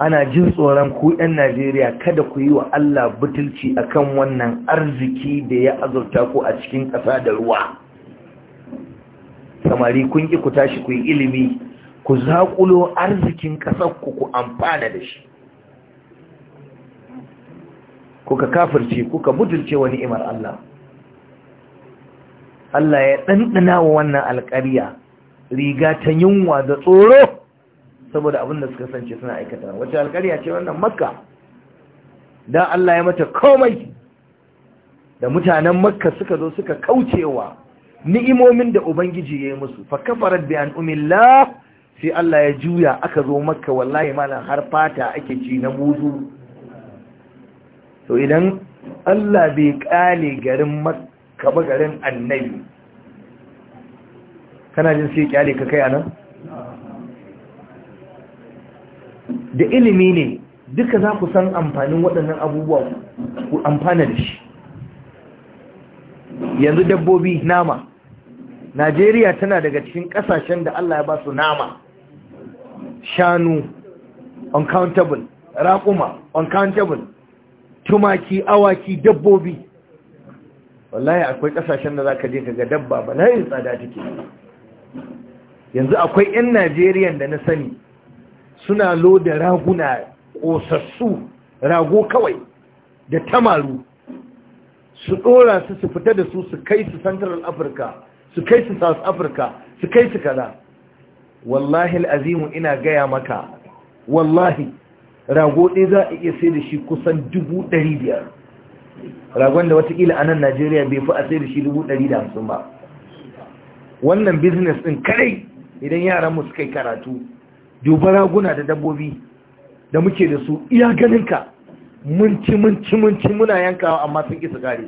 ana jin tsoron ku 'yan Najeriya kada ku yi wa Allah butulci akan wannan arziki da ya azurta ku a cikin ƙasa da ruwa samari kun ki ku tashi ku yi ilimi ku zaƙulo arzikin ƙasar ku ku amfana da shi kuka kafirce kuka mutunce wa ni'imar Allah Allah ya ɗanɗana wa wannan alƙarya riga ta yunwa da tsoro saboda abin da suka sance suna aikata wacce alƙarya ce wannan makka da Allah ya mata komai da mutanen makka suka zo suka kaucewa ni'imomin da ubangiji ya yi musu fa kafarat bi an'umillah sai Allah ya juya aka zo makka wallahi malam har fata ake ci na mudu to idan Allah bai kale garin makka ba garin annabi kana jin sai kyale ka kai anan da ilimi ne duka za ku san amfanin waɗannan abubuwa ku amfana da shi yanzu dabbobi nama najeriya tana daga cikin ƙasashen da allah ya ba su nama shanu uncountable raƙuma uncountable tumaki awaki dabbobi wallahi akwai ƙasashen da za ka je ka ga dabba ba na yin tsada take yanzu akwai 'yan najeriya da na sani suna loda raguna ƙosassu rago kawai da tamaru su ɗora su su fita da su su kai su central africa su kai su south africa su kai su kada. wallahi al'azimu ina gaya maka wallahi rago ɗaya za a iya sai da shi kusan dubu ragon da watakila a nan najeriya bai fi a sai da shi dubu ba wannan business ɗin kadai idan yaran mu suka karatu duba raguna da dabbobi da muke da su iya ganinka mun ci mun ci mun ci muna yankawa amma sun isa kare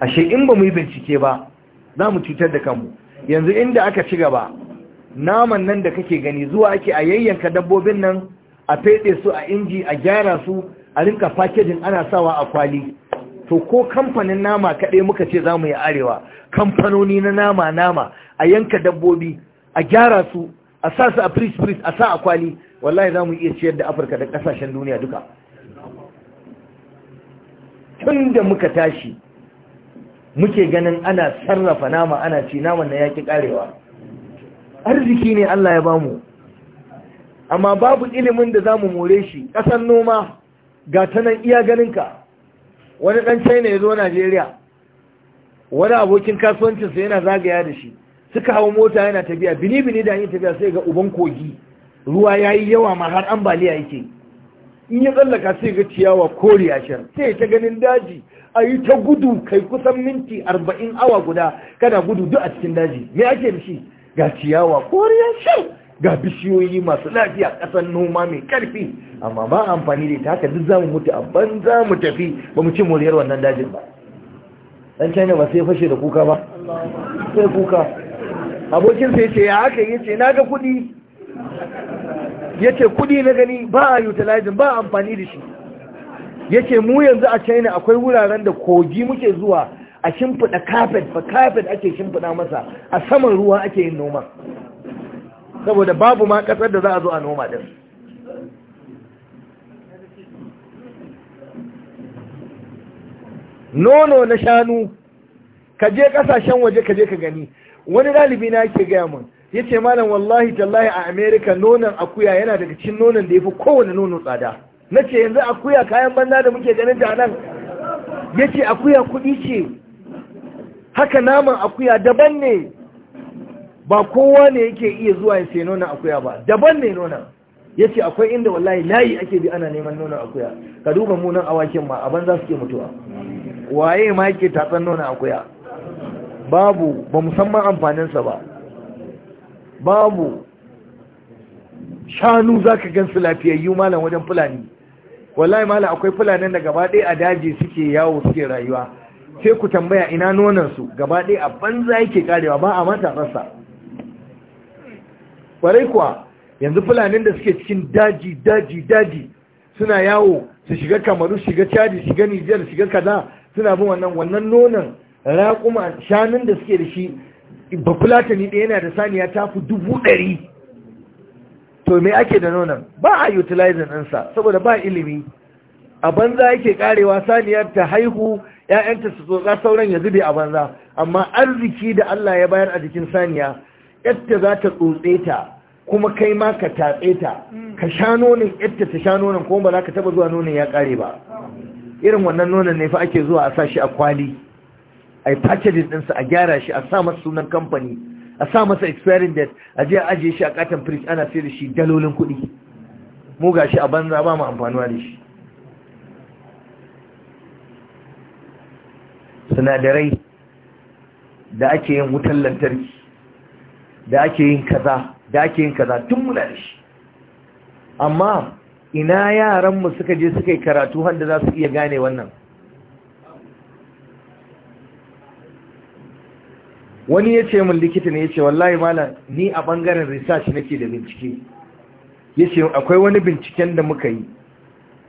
ashe in ba mu yi bincike ba za mu cutar da kanmu yanzu inda aka ci gaba naman nan da kake gani zuwa ake a yayyanka dabbobin nan a fede su a inji a gyara su a rinka fakejin ana sawa a kwali to ko kamfanin nama kaɗai muka ce za mu yi arewa kamfanoni na nama nama a yanka dabbobi a gyara su a sa su a firist firist a sa a kwali wallahi za mu iya ciyar da afirka da ƙasashen duniya duka tun da muka tashi muke ganin ana sarrafa nama ana ci naman na yaƙi ƙarewa arziki ne Allah ya bamu amma babu ilimin da za mu more shi ƙasar noma ga tanan nan iya ganinka wani ɗan china ya zo najeriya wani abokin kasuwancinsa yana zagaya da shi suka hau mota yana tafiya bini-bini da yin tafiya sai ga uban kogi ruwa ya yi yawa ma har ambaliya yake in ya tsallaka sai ga ciyawa a shan, sai ta ganin daji a yi ta gudu kai kusan minti arba'in awa guda kana gudu duk a cikin daji me ake da shi ga ciyawa a shan? ga bishiyoyi masu lafiya ƙasan noma mai ƙarfi amma ba amfani da ta haka duk zamu mutu a za mu tafi ba mu ci moriyar wannan dajin ba dan china ba sai fashe da kuka ba sai kuka abokin sai ce ya haka yace na ga kuɗi yace kudi na gani ba a utilizing ba amfani da shi yace mu yanzu a China akwai wuraren da kogi muke zuwa a shimfiɗa kafet ba kafet ake shimfiɗa masa a saman ruwa ake yin noma saboda babu ma ƙasar da za a zo a noma din nono na shanu ka je ƙasashen waje ka je ka gani wani ɗalibi na yake gaya mun ya ce malam wallahi tallahi a america nonon akuya yana daga cin nonon da ya fi kowane nono tsada na ce yanzu akuya kayan banza da muke ganin ta nan ya ce akuya kudi ce haka naman akuya daban ne ba kowa ne yake iya zuwa ya sai nonon akuya ba daban ne nonon ya ce akwai inda wallahi layi ake bi ana neman nonon akuya ka duba munan awakin ma a banza suke mutuwa waye ma yake tatsan nonon akuya babu ba musamman amfaninsa ba babu shanu za ka gansu lafiyayyu malam wajen fulani wallahi malam akwai fulanin da gaba ɗaya a daji suke yawo suke rayuwa sai ku tambaya ina nonansu gaba ɗaya a banza yake karewa ba a mata rasa ƙwarai kuwa yanzu fulanin da suke cikin daji daji daji suna yawo su shiga kamaru shiga cadi shiga nijar shiga kaza suna bin wannan wannan nonon raƙuma shanun da suke da shi bafulatani ɗaya yana da saniya ta fi dubu ɗari to me ake da nonan? ba a utilizin ɗansa saboda ba ilimi a banza yake karewa saniyar ta haihu ‘ya'yanta su tsotsa sauran ya zube a banza amma arziki da Allah ya bayar a jikin saniya yadda za ta tsotse ta kuma kai ma ka tatse ta ka sha nonon yadda ta sha nonon kuma ba za ka taba zuwa nonon ya kare ba irin wannan nonon ne fa ake zuwa a sashi a kwali a yi packaging ɗinsa a gyara shi a sa masa sunan kamfani a sa masa expiring date a jiya ajiye shi a katon fridge ana sayar da shi dalolin kuɗi mu ga shi a banza ba mu amfanuwa da shi sinadarai da ake yin wutan lantarki da ake yin kaza da ake yin kaza tun muna da shi amma ina yaranmu suka je suka yi karatu wanda za su iya gane wannan wani ya ce min likita ne ya ce wallahi mala ni a bangaren research nake da bincike ya ce akwai wani binciken da muka yi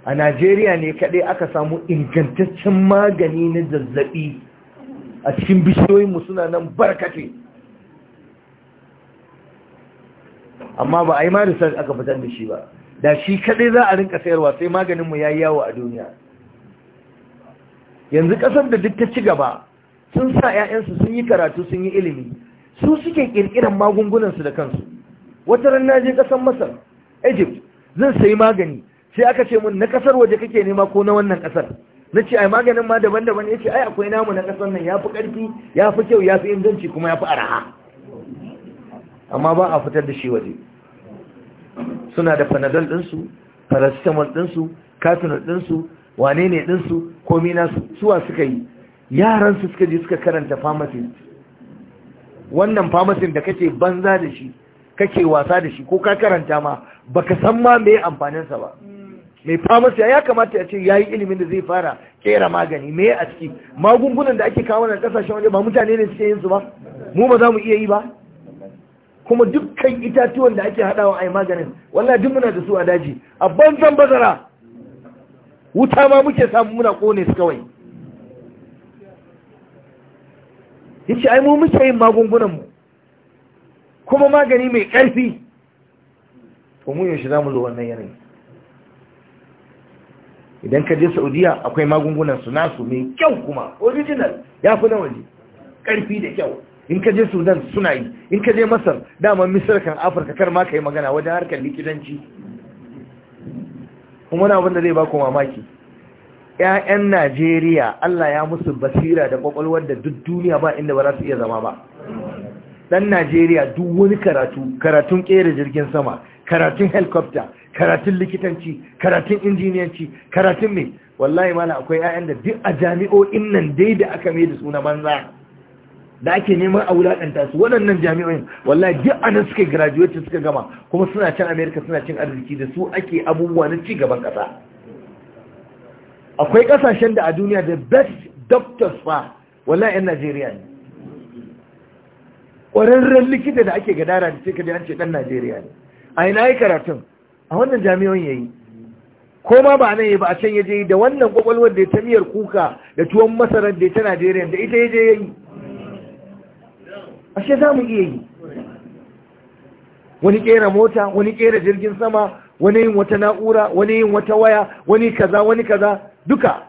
a najeriya ne kaɗai aka samu ingantaccen magani na zazzaɓi a cikin bishiyoyinmu suna nan barkate amma ba a yi ma research aka fitar da shi ba da shi kaɗai za a rinka sayarwa sai maganinmu ya yi yawo a duniya yanzu ƙasar da duk ta ci gaba sun sa 'ya'yansu sun yi karatu sun yi ilimi su suke ƙirƙirar magungunansu da kansu wata ran na je ƙasar masar egypt zan sayi magani sai aka ce mun na ƙasar waje kake nema ko na wannan ƙasar na ce ai maganin ma daban-daban ya ce ai akwai namu na ƙasar nan ya fi ƙarfi ya fi kyau ya fi inganci kuma ya fi araha amma ba a fitar da shi waje suna da panadol ɗinsu paracetamol ɗinsu katinol ɗinsu wane ne ɗinsu komi nasu suwa suka yi yaran su suka je suka karanta famasin wannan famasin da kake banza da shi kake wasa da shi ko ka karanta ma baka san ma me amfanin sa ba mai famasin ya kamata ya ce ya yi ilimin da zai fara kera magani me a ciki magungunan da ake kawo na kasashen waje ba mutane ne suke yin su ba mu ba za mu iya yi ba kuma dukkan itatuwan da ake haɗawa a yi maganin wallahi duk muna da su a daji a banzan bazara wuta ma muke samu muna kone su kawai ce ai mu muke yin magungunan mu kuma magani mai ƙarfi to mu yaushe za mu zo wannan yanayi idan ka je Saudiya akwai magungunan su nasu mai kyau kuma original ya fi na waje ƙarfi da kyau in ka je Sudan suna yi in ka je Masar dama Misir kan Afirka kar ma ka yi magana wajen harkar likitanci kuma na abin zai ba ku mamaki ‘ya'yan Najeriya Allah ya musu basira da ƙwaƙwalwar da duk duniya ba inda ba za su iya zama ba. Ɗan Najeriya duk wani karatu, karatun ƙera jirgin sama, karatun helikopta, karatun likitanci, karatun injiniyanci, karatun mai, wallahi mana akwai ‘ya'yan da duk a jami'o'in nan dai da aka mai da suna banza. Da ake neman a wulaƙanta su waɗannan jami'o'in, wallahi duk a nan suka graduate suka gama, kuma suna cin Amerika suna cin arziki da su ake abubuwa na ci gaban ƙasa. akwai kasashen da a duniya the best doctors ba. Wala yan Najeriya ne ƙwararren likita da ake gadara da cikin da an ce ɗan Najeriya ne a ina yi karatun a wannan jami'on ya yi ko ma ba nan ya ba a can ya je da wannan ƙwaƙwalwar da ta miyar kuka da tuwon masarar da ya ta Najeriya da ita ya je ya yi ashe za mu iya yi wani ƙera mota wani ƙera jirgin sama wani yin wata na'ura wani yin wata waya wani kaza wani kaza duka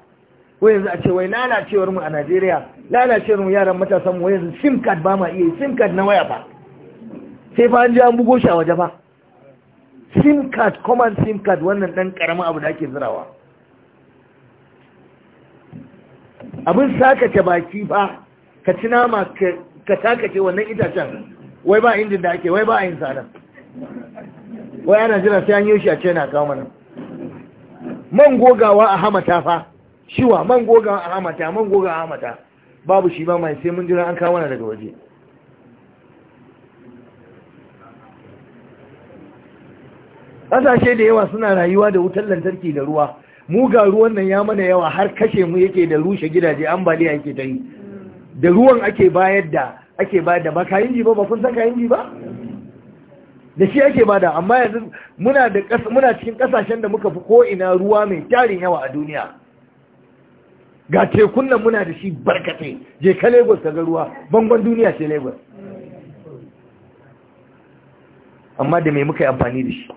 wai yanzu a ce wai lalacewar mu a Najeriya lalacewar mu yaran matasan mu yanzu sim card ba ma iya sim card na waya ba sai fa an ji an bugo shi a waje ba sim card common sim card wannan dan karamin abu da ake zirawa abin ta baki ba ka ci nama ka ke wannan itacen wai ba injin da ake wai ba a yin sanan wai ana jira sai an yi shi a ce na kawo mana man gogawa a hamata fa shiwa man gogawa a hamata man gogawa a hamata babu shi ba mai sai mun jira an kawo mana daga waje ƙasashe da yawa suna rayuwa da wutar lantarki da ruwa mu ga ruwan nan ya mana yawa har kashe mu yake da rushe gidaje ambaliya yake ta yi da ruwan ake bayar da ake bayar da ba kayan ji ba ba kun san kayan ji ba da shi ake bada amma yanzu muna da muna cikin kasashen da muka fi ko ina ruwa mai tarin yawa a duniya ga tekun nan muna da shi barkatai je ka Lagos ka ga ruwa bangon duniya ce Lagos amma da mai muka yi amfani da shi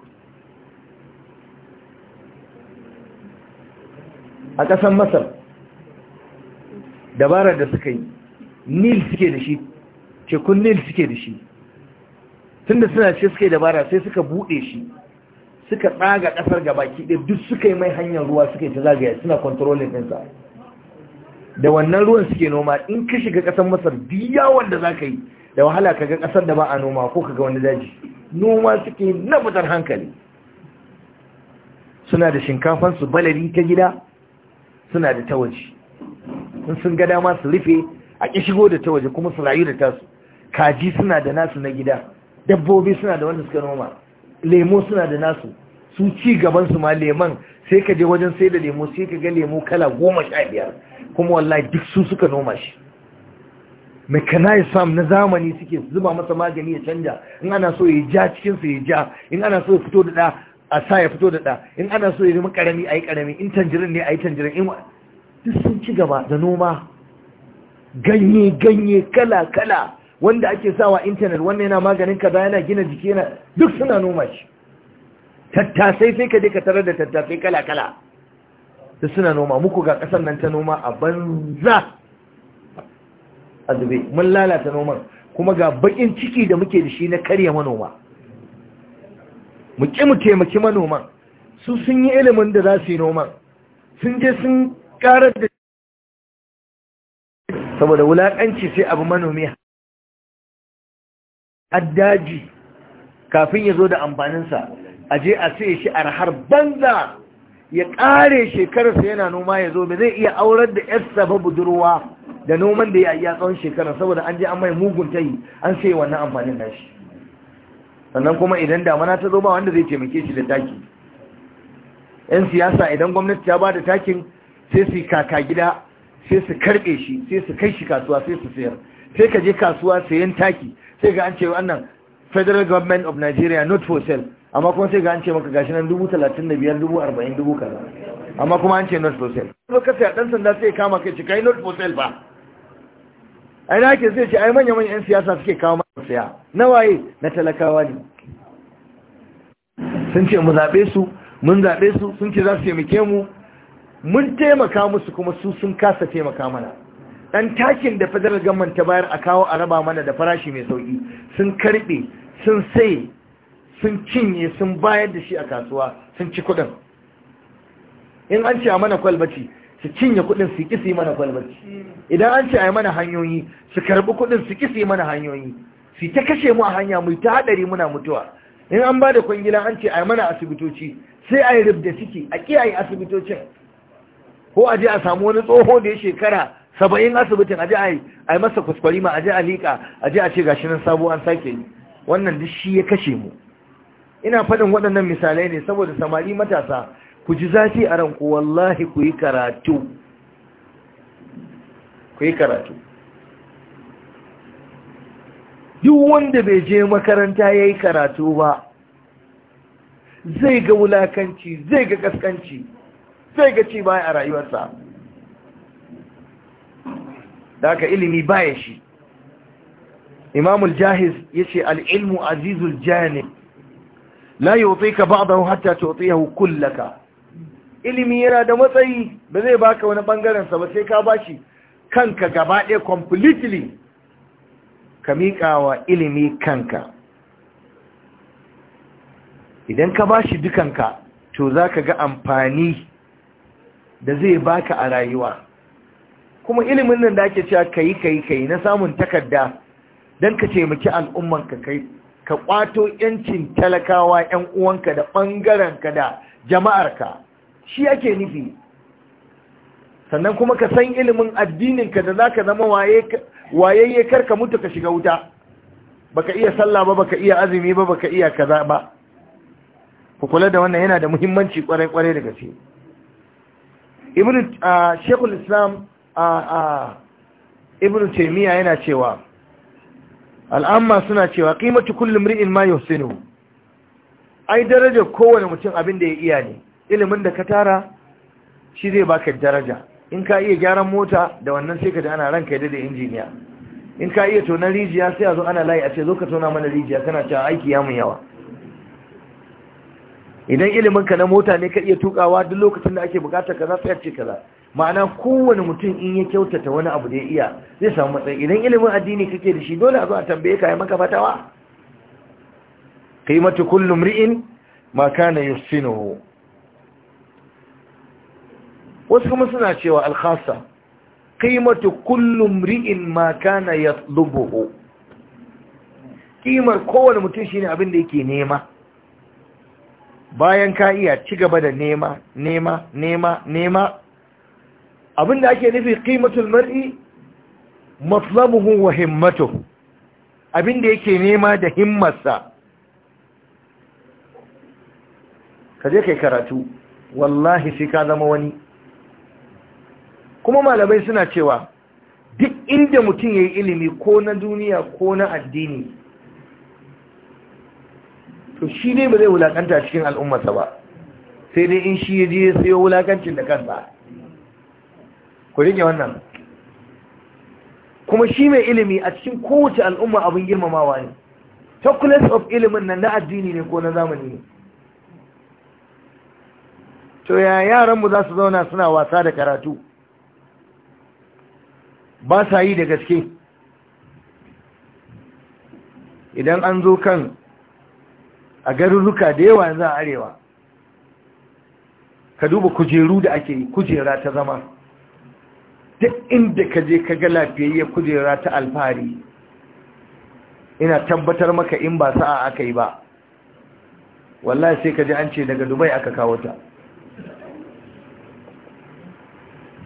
a ƙasar masar dabarar da suka yi nil suke da shi tekun nil suke da shi tunda suna ce suka yi dabara sai suka buɗe shi suka tsaga ƙasar ga baki ɗaya duk suka yi mai hanyar ruwa suka yi ta zagaya suna kontrolin ɗinsa da wannan ruwan suke noma in ka shiga ƙasar masar biya wanda za ka yi da wahala ka ga ƙasar da ba a noma ko ka ga wani daji noma suke na fitar hankali suna da shinkafansu balari ta gida suna da ta waje in sun ga dama su rufe a ƙi shigo da ta waje kuma su rayu da tasu kaji suna da nasu na gida dabbobi suna da wanda suka noma lemo suna da nasu su ci gaban su ma leman sai ka je wajen sai da lemo sai ka ga lemo kala goma sha biyar kuma wallahi duk su suka noma shi mechanized farm na zamani suke zuba masa magani ya canja in ana so ya ja cikin su ya ja in ana so ya fito da da a sa ya fito da da in ana so ya zama karami ayi karami in tanjirin ne ayi tanjirin in duk sun ci gaba da noma ganye ganye kala kala wanda ake sawa intanet wanda yana maganin kaza yana gina jiki yana duk suna noma shi tattasai sai ka je ka tarar da tattasai kala-kala da suna noma muku ga ƙasar nan ta noma a banza a zube mun lalata noman kuma ga bakin ciki da muke da shi na karya manoma muke mu taimaki manoman su sun yi ilimin da za su yi noman sun je sun ƙarar da saboda wulaƙanci sai abu manomi addaji kafin ya zo da amfaninsa a je a sai shi arhar banza ya ƙare shekararsa yana noma ya zo zai iya aurar da yarsa ba budurwa da noman da ya yi a tsawon shekara saboda an je an mai mugun yi an sai wannan amfanin da shi. sannan kuma idan damana ta zo ba wanda zai taimake shi da taki yan siyasa idan gwamnati ta ba da takin sai su kaka gida sai su karbe shi sai su kai shi kasuwa sai su sayar sai ka je kasuwa sayan taki sai ga an ce wannan federal government of nigeria not for sale amma kuma sai ga an ce maka gashi nan dubu talatin da biyar dubu arba'in dubu kaza amma kuma an ce not for sale kuma ka ya dan sanda sai kama kai cikai not for sale ba ai na ke sai ce ai manya manyan siyasa suke kawo masa siya na waye na talakawa ne sun ce mu zaɓe su mun zaɓe su sun ce za su taimake mu mun taimaka musu kuma su sun kasa taimaka mana Ɗan takin da federal government ta bayar a kawo a raba mana da farashi mai sauki sun karbe sun sai sun cinye sun bayar da shi a kasuwa sun ci kudin in an ce a mana kwalbaci su cinye kudin su kisi mana kwalbaci idan an ce a mana hanyoyi su karbi kuɗin su kisi mana hanyoyi su ta kashe mu a hanya mu ta hadari muna mutuwa in an ba da kwangila an ce a mana asibitoci sai a yi rubda ciki a kiyaye asibitocin ko a je a samu wani tsoho da ya shekara saba'in asibitin ji a yi masa kwaskwari ma a liƙa ji a ce gashi nan sabo an sake yi wannan duk shi ya kashe mu ina faɗin waɗannan misalai ne saboda samari matasa ku ji zafi a ranku wallahi ku yi karatu ku yi karatu duk wanda bai je makaranta ya yi karatu ba zai ga wulakanci zai ga kaskanci zai ga ci baya a rayuwarsa da aka ilimi baya shi imamul jahiz yace al-ilmu azizul janib la ka da hatta tu'tiyahu kullaka ilimi yana da matsayi ba zai baka wani bangaren sa ba sai ka bashi kanka gaba ɗaya completely ka miƙawa ilimi kanka idan ka bashi dukanka to zaka ga amfani da zai baka a rayuwa kuma ilimin nan da ake cewa kai kai kai na samun takarda don ka taimaki al'ummanka kai ka kwato yancin talakawa yan uwanka da ka da jama'arka shi ake nufi sannan kuma ka san ilimin addininka da za ka zama wayayye karka mutu ka shiga wuta baka iya sallah ba baka iya azumi ba baka iya kaza ba ku kula da wannan yana da muhimmanci kwarai-kwarai da gaske ibnu ah, shekul islam a ibn taymiya yana cewa al'amma suna cewa qimatu kullum mri'in ma yuhsinu ai daraja kowane mutum abin da ya iya ne ilimin da ka tara shi zai baka daraja in ka iya gyaran mota da wannan sai ka ana ranka da injiniya in ka iya tonan rijiya sai a zo ana layi a ce zo ka tona mana rijiya kana cewa aiki ya mun yawa idan ilimin ka na mota ne ka iya tukawa duk lokacin da ake bukatar kaza sai a ce kaza ma'ana kowane mutum in ya kyautata wani abu da ya iya zai samu matsayi idan ilimin addini kake da shi dole a zo a tambaye ka ya maka fatawa qimatu kullu mri'in ma kana yusinuhu wasu kuma suna cewa alkhasa qimatu kullu mri'in ma kana yatlubuhu kimar kowane mutum shine abin da yake nema bayan ka iya ci gaba da nema nema nema nema da ake nufi qimatul mar'i matsalabuhu wa abin abinda yake nema da himmarsa kaje kai karatu wallahi sai ka zama wani kuma malamai suna cewa duk inda mutum ya yi ilimi ko na duniya ko na addini to shi ne ba zai wulakanta cikin al'ummarsa ba sai dai in shi ya je sai ya wulakancin da kansa ku rike wannan kuma shi mai ilimi a cikin kowace al'umma abin girmamawa ne chocolates of ilimin nan na addini ne ko na zamani ne to ya yaranmu za su zauna suna wasa da karatu ba sa yi da gaske idan an zo kan a garuruka da yawa yanzu a arewa ka duba kujeru da ake yi kujera ta zama duk inda ka je ka ga lafiyayye kujera ta alfahari ina tabbatar maka in ba sa'a aka yi ba wallahi sai ka ji an ce daga dubai aka kawo ta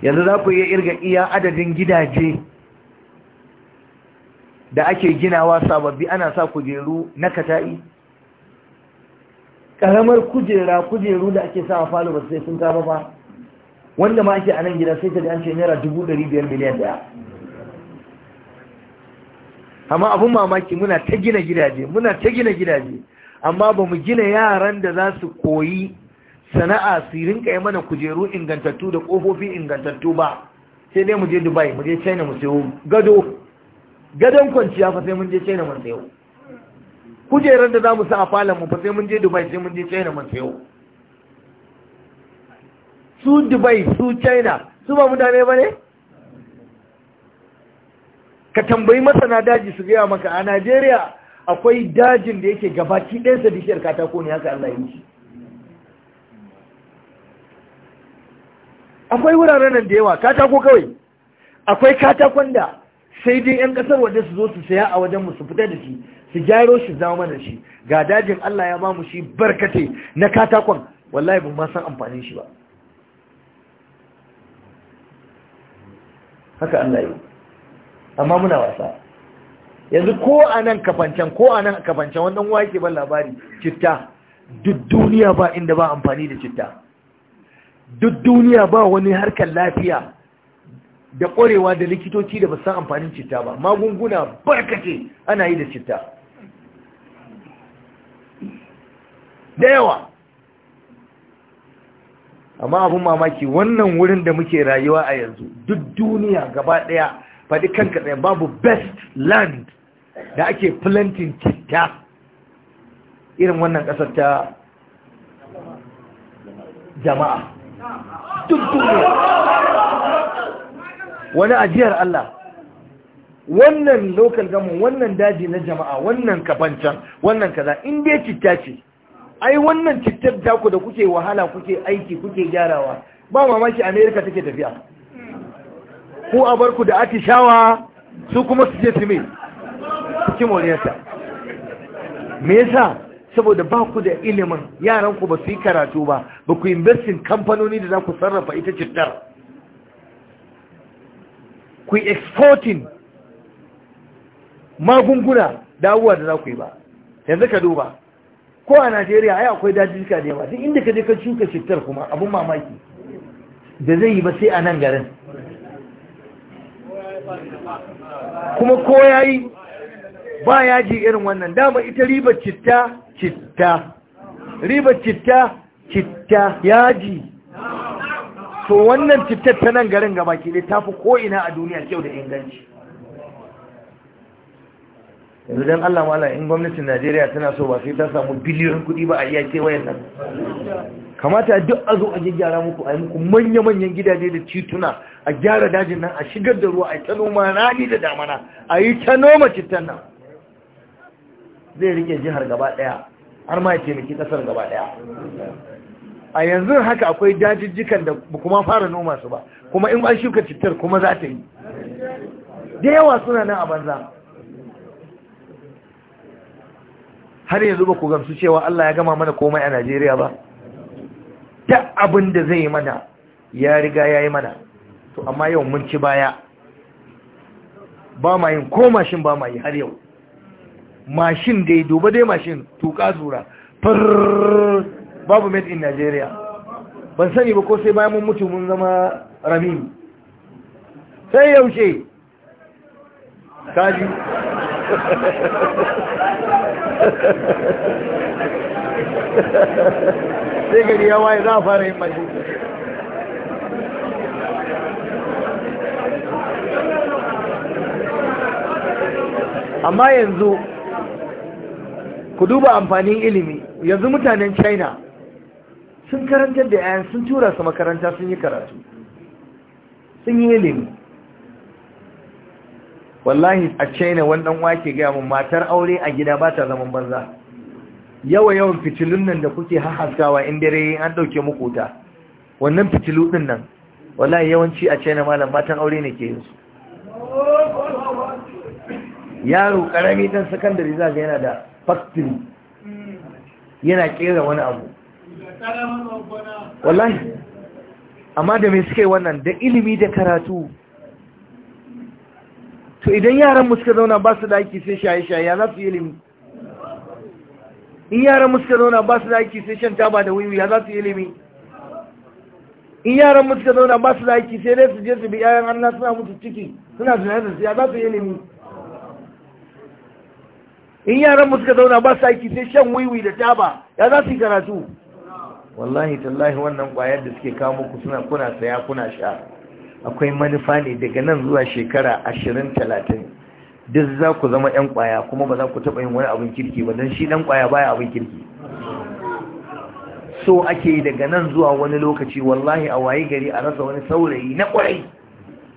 yanzu za ku iya irga iya adadin gidaje da ake ginawa sababbi ana sa kujeru na kata'i ƙaramar kujera kujeru da ake sa a falo ba sai sun kama ba wanda ma ake a nan gida sai ta da an ce naira dubu ɗari biyar miliyan ɗaya amma abin mamaki muna ta gina gidaje muna ta gina gidaje amma ba mu gina yaran da za su koyi sana'a su rinka yi mana kujeru ingantattu da ƙofofi ingantattu ba sai dai mu je dubai mu je china mu sayo gado gadon kwanciya fa sai mun je china mun sayo kujerar da za mu sa a falon mu fa sai mun je dubai sai mun je china mun sayo su dubai su china su ba mutane ba ne ka tambayi masana daji su gaya maka a najeriya akwai dajin da yake gabaki ɗansa bishiyar katako ne haka allah yi akwai wuraren nan da yawa katako kawai akwai katakon da sai dai 'yan kasar waje su zo su saya a wajen su fita da shi su gyaro shi zama da shi ga dajin allah ya ba mu shi barkate na katakon wallahi ban ma san amfanin shi ba haka Allah yi amma muna wasa yanzu ko a nan kafancan ko a nan kafancan wannan wake ban labari citta duk duniya ba inda ba amfani da citta duk duniya ba wani harkar lafiya da ƙwarewa da likitoci da basu san amfanin citta ba magunguna barkace ana yi da citta da yawa amma abin mamaki wannan wurin da muke rayuwa a yanzu duk duniya gaba ɗaya faɗi kanka ɗaya babu best land da ake planting citta irin wannan ƙasar ta jama'a duk duniya wani ajiyar Allah wannan local gamin wannan daji na jama'a wannan kafancan wannan kaza in dai citta ce ai wannan tiktok taku da kuke wahala kuke aiki kuke gyarawa ba mamaki amerika take tafiya ko a bar ku da atishawa su kuma su je su mai moriyarsa me yasa saboda ba ku da ilimin yaran ku ba su yi karatu ba ba ku investin kamfanoni da za ku sarrafa ita cittar ku yi exporting magunguna da abubuwa da za ku yi ba yanzu ka duba ko a najeriya ai akwai dajika da yawa duk inda ka je ka shuka shittar kuma abun mamaki da zai yi ba sai a nan garin kuma ko ya yi ba ya ji irin wannan dama ita ribar citta citta ribar citta citta yaji to wannan cittar ta nan garin gaba ke ta fi ko'ina a duniya kyau da inganci yanzu don Allah mala in gwamnatin Najeriya tana so ba sai ta samu biliyon kuɗi ba a iya kewayen nan kamata duk a zo a gyara muku a yi muku manya-manyan gidaje da tituna a gyara dajin nan a shigar da ruwa a yi ta noma rani da damana a yi ta noma cittan nan zai rike jihar gaba ɗaya har ma ya taimaki ƙasar gaba ɗaya a yanzu haka akwai dajijjikan da kuma fara noma su ba kuma in an shuka cittar kuma za ta yi da yawa suna nan a banza har yanzu ba ku gamsu cewa Allah ya gama mana komai a Najeriya ba Ta abin da zai mana ya riga ya yi mana to amma yau mun ci baya ba ma yin ko mashin ba ma yi har yau mashin dai duba dai mashin tuka zura babu made in Najeriya ban sani ba ko sai bayan mun mutu mun zama ramin sai yaushe kaji sai gari ya waye za a fara yin mashi amma yanzu ku duba amfanin ilimi yanzu mutanen china sun karantar da 'yan sun tura su makaranta sun yi karatu sun yi ilimi wallahi a china wannan wake gaya mun matar aure a gida ba ta zaman banza yawa yawan fitilun nan da kuke hahaskawa in dare an dauke muku ta. wannan fitilu din nan wallahi yawanci a china malam matan aure ne ke yin su yaro karami dan sakandare za ga yana da factory yana kera wani abu wallahi amma da me suke wannan da ilimi da karatu to idan yaran muska zauna ba su da aiki sai shaye-shaye ya za su yi limi in yaran muska zauna ba su da aiki sai shan taba da wiwi ya za su yi limi in yaran muska zauna ba su da aiki sai dai su je su bi yayan Allah suna musu ciki suna tunanin da su ya za su yi limi in yaran muska zauna ba su aiki sai shan wiwi da taba ya za su yi karatu wallahi tallahi wannan kwayar da suke kawo muku suna kuna saya kuna sha akwai manufa ne daga nan zuwa shekara ashirin talatin duk za ku zama 'yan kwaya kuma ba za ku taɓa yin wani abin kirki ba don shi ɗan kwaya baya abin kirki so ake daga nan zuwa wani lokaci wallahi a waye gari a rasa wani saurayi na kwarai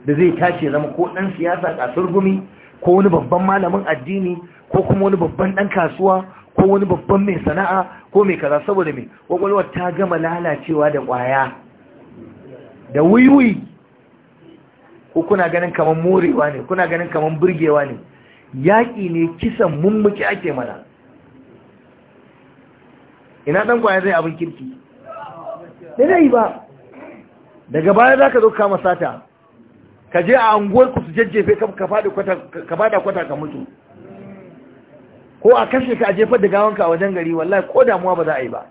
da zai tace zama ko ɗan siyasa kasar gumi ko wani babban malamin addini ko kuma wani babban ɗan kasuwa ko wani babban mai sana'a ko mai kaza saboda mai kwakwalwar ta gama lalacewa da kwaya da wiwi ko kuna ganin kamar morewa ne kuna ganin kamar burgewa ne yaƙi ne kisan mummuki ake mana ina ɗan kwaya zai abin kirki da zai ba daga baya za ka zo kama sata ka je a anguwar ku su jajjefe ka fada kwata ka mutu ko a kashe ka a jefar da gawanka a wajen gari wallahi ko damuwa ba za a yi ba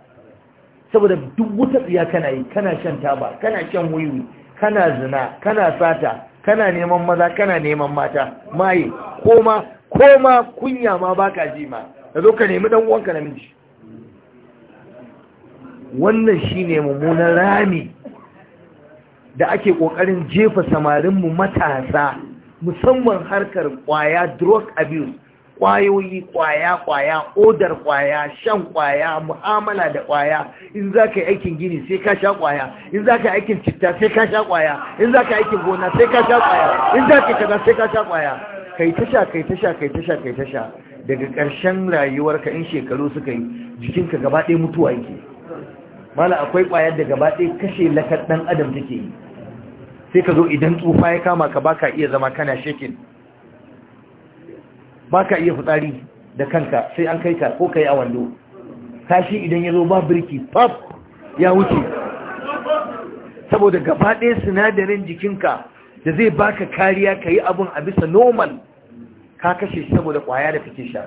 saboda duk wuta tsiya kana yi kana shan taba kana shan wiwi kana zina kana sata kana neman maza kana neman mata maye koma koma kunya ma baka ji ma zo ka nemi dan uwanka namiji wannan shine mummunan rami da ake kokarin jefa samarin mu matasa musamman harkar kwaya drug abuse kwayoyi kwaya kwaya odar kwaya shan kwaya mu'amala da kwaya in za ka yi aikin gini sai ka sha kwaya in za ka yi aikin citta sai ka sha kwaya in za ka yi aikin gona sai ka sha kwaya in za ka kaza sai ka sha kwaya kai ta sha kai ta sha kai ta sha kai ta sha daga ƙarshen rayuwarka in shekaru suka yi jikinka gaba ɗaya mutuwa yake mala akwai ƙwayar da gaba ɗaya kashe lakar ɗan adam take yi sai ka zo idan tsufa ya kama ka baka iya zama kana shekin ba ka iya fitsari da kanka sai an kai ka ko ka yi a wando Tashi idan ya zo ba birki pap ya wuce saboda gaba ɗaya sinadarin jikinka da zai baka kariya ka yi abin a bisa normal ka kashe shi saboda ƙwaya da kake sha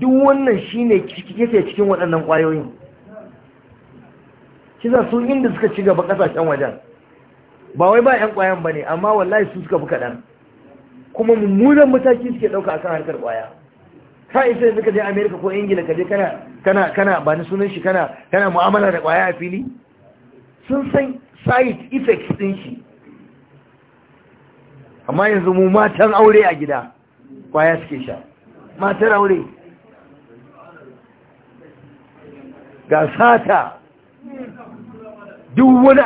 duk wannan shi ne yake cikin waɗannan ƙwayoyin kisa su inda suka ci gaba ƙasashen wajen ba wai ba 'yan ƙwayan ba ne amma wallahi su suka fi kaɗan kuma mummunan mataki suke ɗauka akan harkar ƙwaya ka isa da suka je amerika ko ingila ka je kana kana kana ba ni sunan shi kana kana mu'amala da ƙwaya a fili sun san side effects ɗin shi amma yanzu mu matan aure a gida ƙwaya suke sha matar aure ga sata duk wani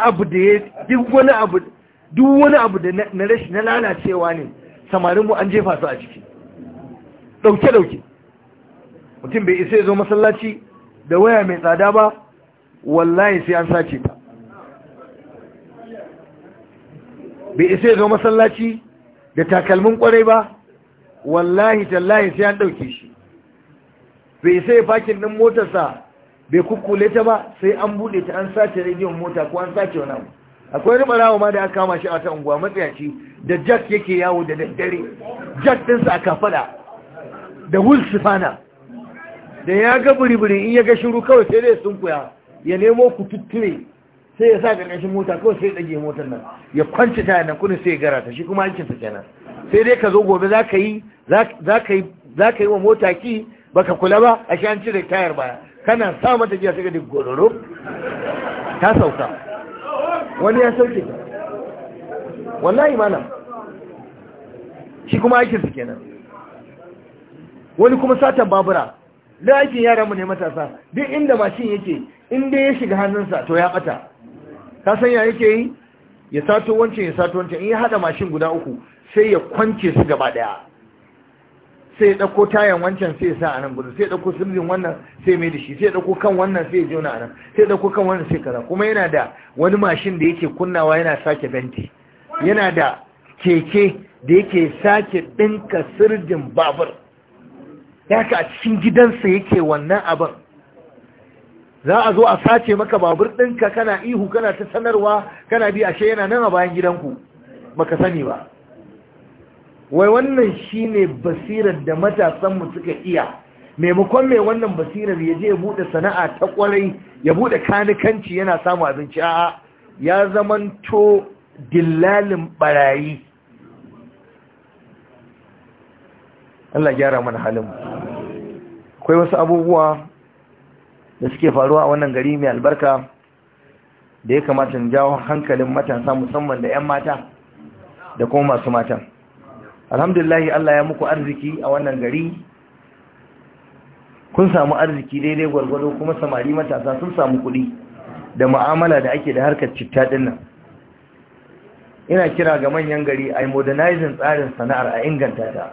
abu da na rashin na lalacewa ne mu an jefa su a ciki ɗauke-ɗauke mutum bai isa ya zo masallaci da waya mai tsada ba wallahi sai an sace ta bai isa ya zo masallaci da takalmin kwarai ba wallahi tallahi sai an ɗauke shi bai isa ya fakin ɗin motarsa bai kukkule ta ba sai an buɗe ta an sace rediyon mota ko an sace wani abu akwai wani ma da aka kama shi a ta unguwa matsayaci da jack yake yawo da daddare jack dinsa aka fada da wulsifana da ya ga buri in ya ga shiru kawai sai dai sun kuya ya nemo ku tutture sai ya sa ƙarƙashin mota kawai sai ɗage motar nan ya kwanci ta nan kudin sai ya gara ta shi kuma aikinsa kenan sai dai ka zo gobe za ka yi za ka yi wa mota ki baka kula ba a shi an cire tayar baya kana sa mata jiya sai ka duk gororo ta sauka wani ya sauke ta wallahi Imana? shi kuma aikinsu kenan wani kuma satan babura da aikin mu ne matasa duk inda mashin yake inda ya shiga hannunsa to ya bata ta sanya yake yi ya sato wancan ya sato wancan in ya hada mashin guda uku sai ya kwance su gaba daya sai ya ɗauko tayan wancan sai ya sa a nan gudu sai ya ɗauko sirrin wannan sai mai da shi sai ya ɗauko kan wannan sai ya jona a nan sai ya ɗauko kan wannan sai kaza kuma yana da wani mashin da yake kunnawa yana sake benti yana da keke da yake sake ɗinka sirrin babur ya ka a cikin gidansa yake wannan abin za a zo a sace maka babur ɗinka kana ihu kana ta sanarwa kana bi ashe yana nan a bayan gidanku baka sani ba wai wannan shine basirar da matasanmu suka iya maimakon mai wannan basirar ya je ya bude sana'a ta kwarai ya buɗe kanikanci yana samu abinci a'a ya zamanto dillalin barayi Allah gyara mana halin akwai wasu abubuwa da suke faruwa a wannan gari mai albarka da ya kamata jawo hankalin matasa musamman da 'yan mata da kuma masu mata? alhamdulillahi Allah ya muku arziki a wannan gari kun samu arziki daidai gwargwado kuma samari matasa sun samu kuɗi da mu'amala da ake da harkar citta dinnan ina kira ga manyan gari a modernizing tsarin sana'ar a inganta ta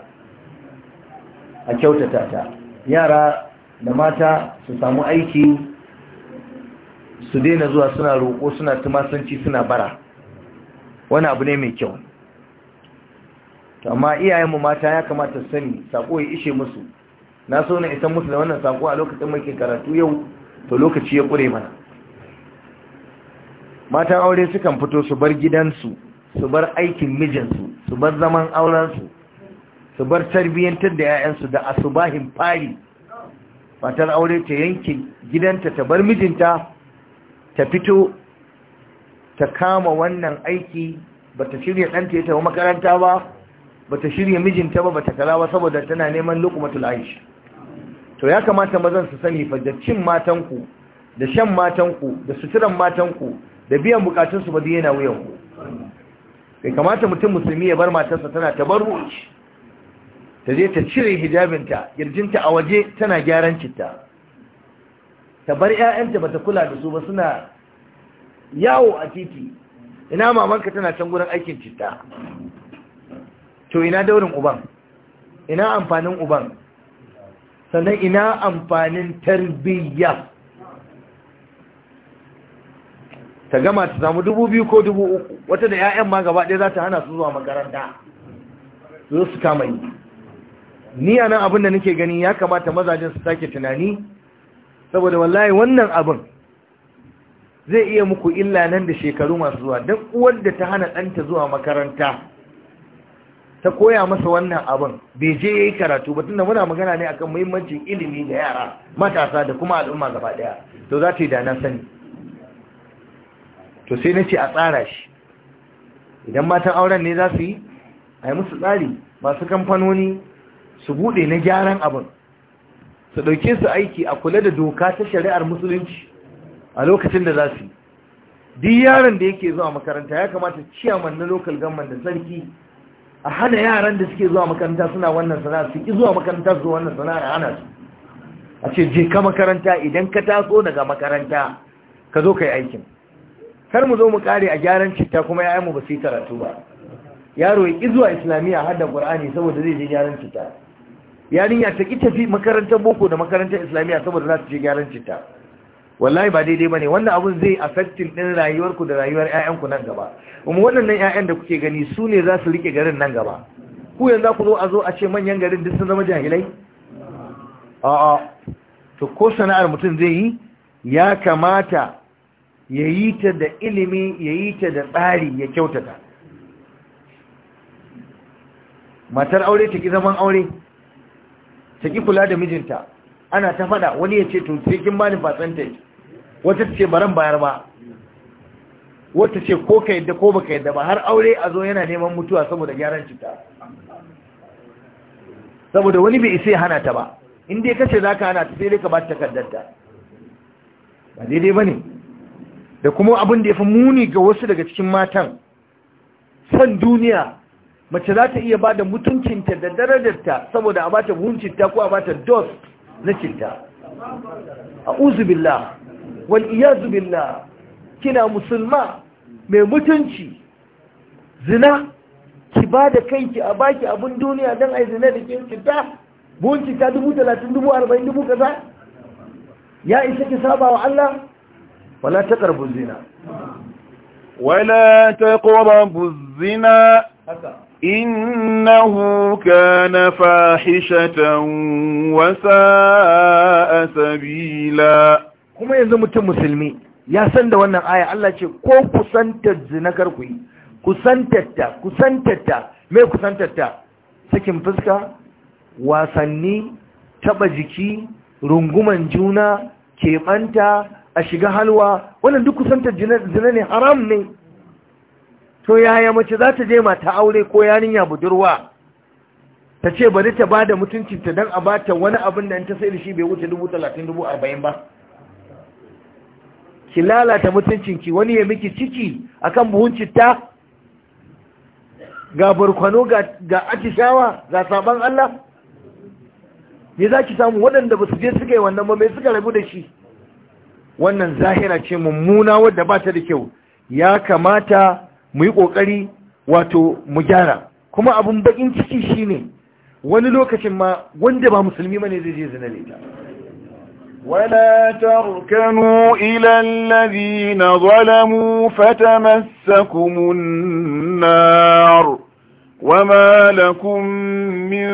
a kyautata ta yara da mata su samu aiki su daina zuwa suna roƙo suna tumasanci suna bara wani abu ne mai kyau to amma iyayenmu mata ya kamata su sani sako ya ishe musu na so na isan musu da wannan sako a lokacin muke karatu yau to lokaci ya kure mana matan aure sukan fito su bar gidansu su bar aikin mijinsu su bar zaman aurensu su bar tarbiyyantar da 'ya'yansu da asubahin fari matar aure ta yanke gidanta ta bar mijinta ta fito ta kama wannan aiki ba ta shirya ɗanta ya tafi makaranta ba bata shirya mijinta ba bata kala ba saboda tana neman luqmatul aish to ya kamata mazan su sani fajjacin cin matan da shan matanku da suturan matanku da biyan bukatun su ba dai yana wuyan ku kai kamata mutum musulmi ya bar matarsa tana tabarruj ta je ta cire hijabinta girjinta a waje tana gyaran citta ta bar ƴaƴanta bata kula da su ba suna yawo a titi ina mamanka tana can gurin aikin citta to ina daurin uban ina amfanin uban sannan ina amfanin tarbiyya ta gama ta samu dubu biyu ko dubu uku wata da 'ya'yan ma gaba ɗaya za ta hana su zuwa makaranta zo su kama yi ni a nan abin da nake gani ya kamata mazajen su sake tunani saboda wallahi wannan abin zai iya muku illa nan da shekaru masu zuwa don uwar da ta hana ɗanta zuwa makaranta ta koya masa wannan abin bai je ya yi karatu ba tunda muna magana ne akan muhimmancin ilimi ga yara matasa da kuma al'umma gaba daya to za ta yi da na sani to sai na ce a tsara shi idan matan auren ne za su yi a yi musu tsari masu kamfanoni su buɗe na gyaran abin su ɗauke su aiki a kula da doka ta shari'ar musulunci a lokacin da za su yi duk yaron da yake zuwa makaranta ya kamata ciyaman na local government da sarki a hana yaran da suke zuwa makaranta suna wannan sana'a su ki zuwa makaranta su wannan sana'a hana su a ce je ka makaranta idan ka taso daga makaranta ka zo ka yi aikin kar mu zo mu kare a gyaran citta kuma ya'yan mu ba su yi karatu ba yaro ya ki zuwa islamiyya har da qur'ani saboda zai je gyaran citta yarinya ta ki tafi makarantar boko da makarantar islamiyya saboda za su je gyaran citta wallahi ba daidai bane wannan abun zai affecting din rayuwarku da rayuwar ku nan gaba kuma waɗannan ƴaƴan da kuke gani su ne za su rike garin nan gaba ku yanzu ku zo a zo a ce manyan garin duk sun zama jahilai a'a to ko sana'ar mutum zai yi ya kamata ya yi ta da ilimi ya yi ta da tsari ya kyautata matar aure ta ki zaman aure ta ki kula da mijinta ana ta faɗa. wani ya ce to sai kin bani percentage wata ce baran bayar ba wata ce ko ka yadda ko baka yadda ba har aure a zo yana neman mutuwa saboda gyaran cuta saboda wani bai isa hana ta ba in dai kace zaka hana ta sai dai ka ba ta kaddanta ba daidai bane da kuma abin da yafi muni ga wasu daga cikin matan san duniya mace za ta iya ba da mutuncinta da darajarta saboda a bata buhun citta ko a ba ta dos na cinta, a uzubillah wal iyazu billah kina musulma mai mutunci zina ki ba da kanki a baki abin duniya don ai zina da kin fita buhun ta dubu talatin dubu arba'in dubu kaza ya isa ki saba wa Allah wala ta karbu zina wala ta karbu zina إنه كان فاحشة وساء سبيلاً kuma yanzu mutum musulmi ya san da wannan aya Allah ce ko kusantar zinakar ku yi kusantar ta mai ta sakin fuska wasanni taba jiki runguman juna keɓanta a shiga halwa wannan duk kusantar zina ne haram ne to yaya mace za ta je mata aure ko yarinya budurwa ta ce bari ta ba da mutuncinta don a ba ta wani abin da in ta sai da shi bai wuce dubu talatin dubu arba'in ba ki lalata mutuncinki wani ya miki ciki akan buhun citta ga barkwano ga atishawa ga saban Allah ne za ki samu waɗanda ba su je suka yi wannan ba mai suka rabu da shi wannan zahira ce mummuna wadda ba ta da kyau ya kamata mu yi ƙoƙari wato mu gyara kuma abin baƙin ciki shine wani lokacin ma wanda ba musulmi ma ne zai je zina leta ولا تركنوا إلى الذين ظلموا فتمسكم النار وما لكم من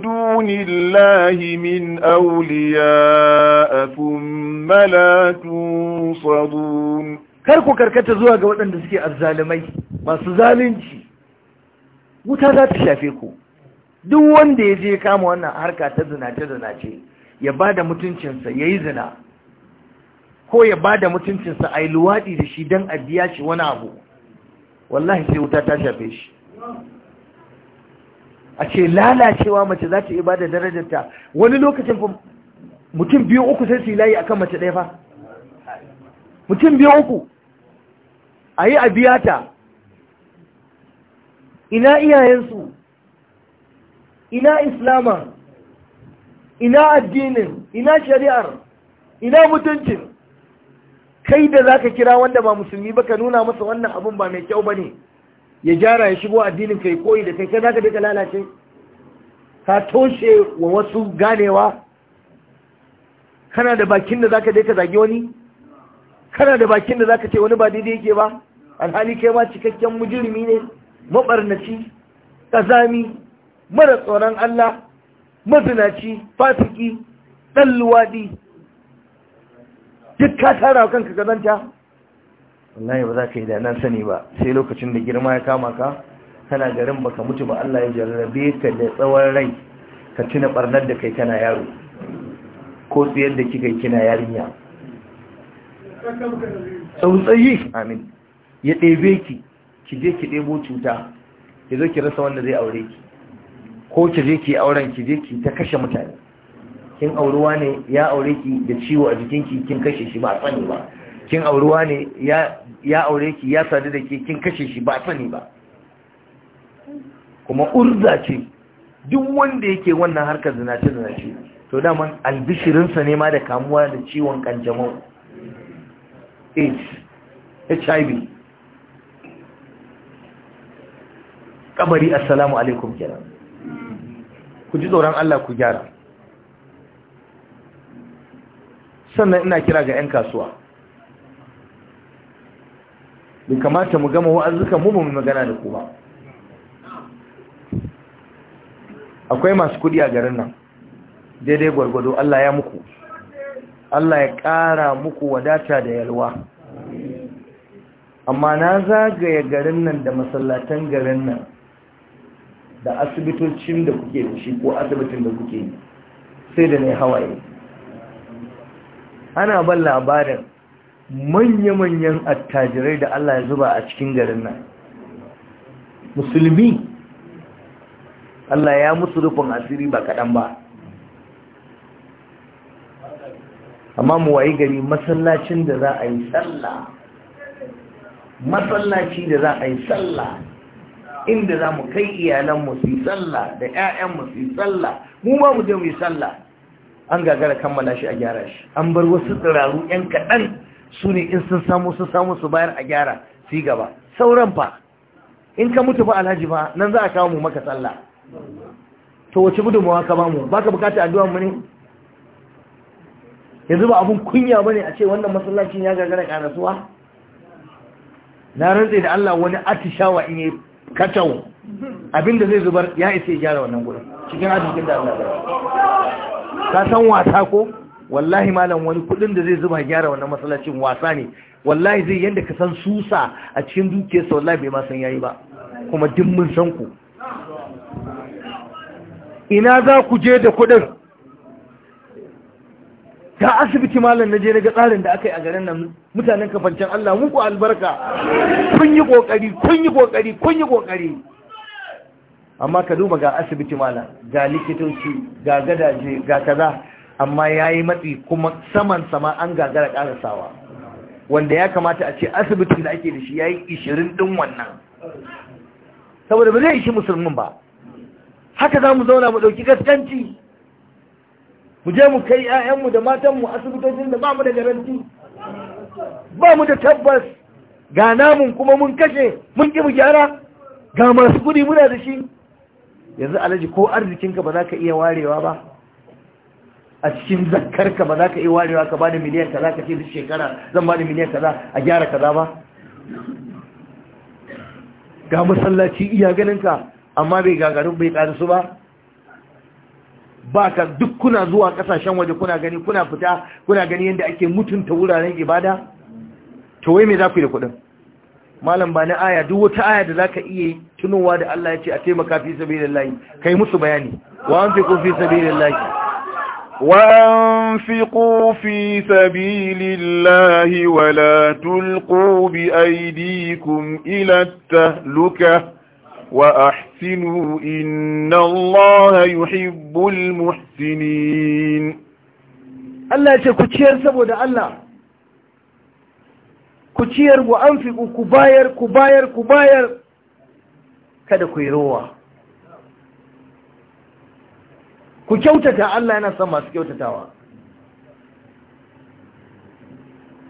دون الله من أولياء ثم لا تنصدون كاركو كركتا زواج وأن تسكي الظالمي ما سزالنشي wuta za ta shafe ديزي duk wanda ya تزنا تزنا wannan ya ba da mutuncinsa ya yi zina ko ya ba da mutuncinsa a yi luwaɗi da shi don a biya shi wani abu wallahi sai wuta ta shafe shi a ce lalacewa mace za ta iya ba da darajarta wani lokacin mutum biyu uku sai su yi layi akan mace ɗaya fa mutum biyu uku a yi a biya ta ina iyayensu ina islaman ina addinin ina shari'ar ina mutuncin kai da zaka kira wanda ba musulmi ba ka nuna masa wannan abun ba mai kyau ba bane ya jara ya shigo addinin kai koyi da kai kai ka dika lalace ka toshe wa wasu ganewa kana da bakin da za ka dika zagi wani kana da bakin da za ka ce wani ba daidai yake ba alhali kai ma cikakken mujirmi ne mabarnaci ƙazami mara tsoron Allah mazinaci fasiki ɗan duk ka tara kanka gazanta wallahi ba za ka yi da nan sani ba sai lokacin da girma ya kama ka kana garin baka mutu ba Allah ya jarrabe ka da tsawon rai ka tuna barnar da kai kana yaro ko tsayar da kika kina yarinya tsautsayi amin ya ɗebe ki ki je ki ɗebo cuta ki zo ki rasa wanda zai aure ki ko ki je ki auren ki je ki ta kashe mutane kin auruwa ne ya aure ki da ciwo a ki kin kashe shi ba a sani ba kin auruwa ne ya aure ki ya sadu da ke kin kashe shi ba a sani ba kuma urza ce duk wanda yake wannan harkar zinace zinace to daman albishirinsa ne ma da kamuwa da ciwon kanjamau aids hiv kabari assalamu alaikum kenan ku ji tsoron Allah ku gyara sannan ina kira ga 'yan kasuwa bai kamata mu gama wa'azuka mu mu magana da ku ba akwai masu kudi a garin nan daidai gwargwado Allah ya muku Allah ya ƙara muku wadata da yalwa amma na zagaya garin nan da masallatan garin nan da asibitocin da kuke da shi ko asibitin da kuke sai da ne hawaye ana ban labarin manya-manyan attajirai da Allah ya zuba a cikin garin nan musulmi Allah ya musu rufin asiri ba kaɗan ba amma mu wayi gari masallacin da za a yi sallah masallaci da za a yi sallah inda za mu kai iyalanmu su yi sallah da 'ya'yanmu su yi sallah mu ma mu je mu yi sallah an gagara kammala shi a gyara shi an bar wasu tsiraru 'yan kaɗan su ne in sun samu sun samu su bayar a gyara su gaba sauran fa in ka mutu ba alhaji ba nan za a kawo mu maka sallah to wace gudunmawa ka ba mu ba ka bukata addu'a mu ne yanzu ba abun kunya ba ne a ce wannan masallacin ya gagara karasuwa na rantse da Allah wani atishawa in yi katau abinda zai zubar ya isa ya gyara wannan gurin cikin arzikin da Allah ka san wasa ko wallahi malam wani kudin da zai zuba gyara wannan masallacin wasa ne wallahi zai yanda ka san susa a cikin sa wallahi bai ma san yayi ba kuma duk mun san ku ina za ku je da kudin Ka asibiti malam na je na ga tsarin da aka yi a garin nan mutanen kafancin Allah muku albarka kun yi kokari kun yi kokari kun yi kokari amma ka duba ga asibiti malam ga likitoci ga gadaje ga kaza amma yayi matsi kuma saman sama an gagara karasawa wanda ya kamata a ce asibiti da ake da shi yayi 20 din wannan saboda ba zai ishi musulmin ba haka zamu zauna mu ɗauki gaskanci mu je mu kai 'ya'yanmu da matanmu asibitocin da ba mu da garanti ba mu da tabbas ga namun kuma mun kashe mun ƙi mu gyara ga masu kuɗi muna da shi yanzu alaji ko arzikinka ba za ka iya warewa ba a cikin zakkarka ba za ka iya warewa ka ba da miliyan kaza ka ce duk shekara zan ba da miliyan kaza a gyara kaza ba ga masallaci iya ganinka amma bai gagarin bai ƙarisu ba ba ka duk kuna zuwa kasashen waje kuna gani kuna fita kuna gani yadda ake mutunta wuraren ibada to wai me za ku yi da kuɗin malam ba na aya duk wata aya da za ka iya tunowa da Allah ya ce a taimaka fi ka yi musu bayani wa an fi sabilillahi وانفقوا في سبيل الله ولا تلقوا بأيديكم إلى التهلكة وأحسنوا إن الله يحب المحسنين الله يتكتير سبو ده الله كتير وأنفقوا كباير كباير كباير kada ku yi rowa ku kyautata Allah yana son masu kyautatawa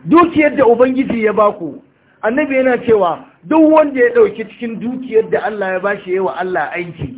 dukiyar da Ubangiji ya baku annabi yana cewa duk wanda ya ɗauki cikin dukiyar da Allah ya bashi yawa Allah aiki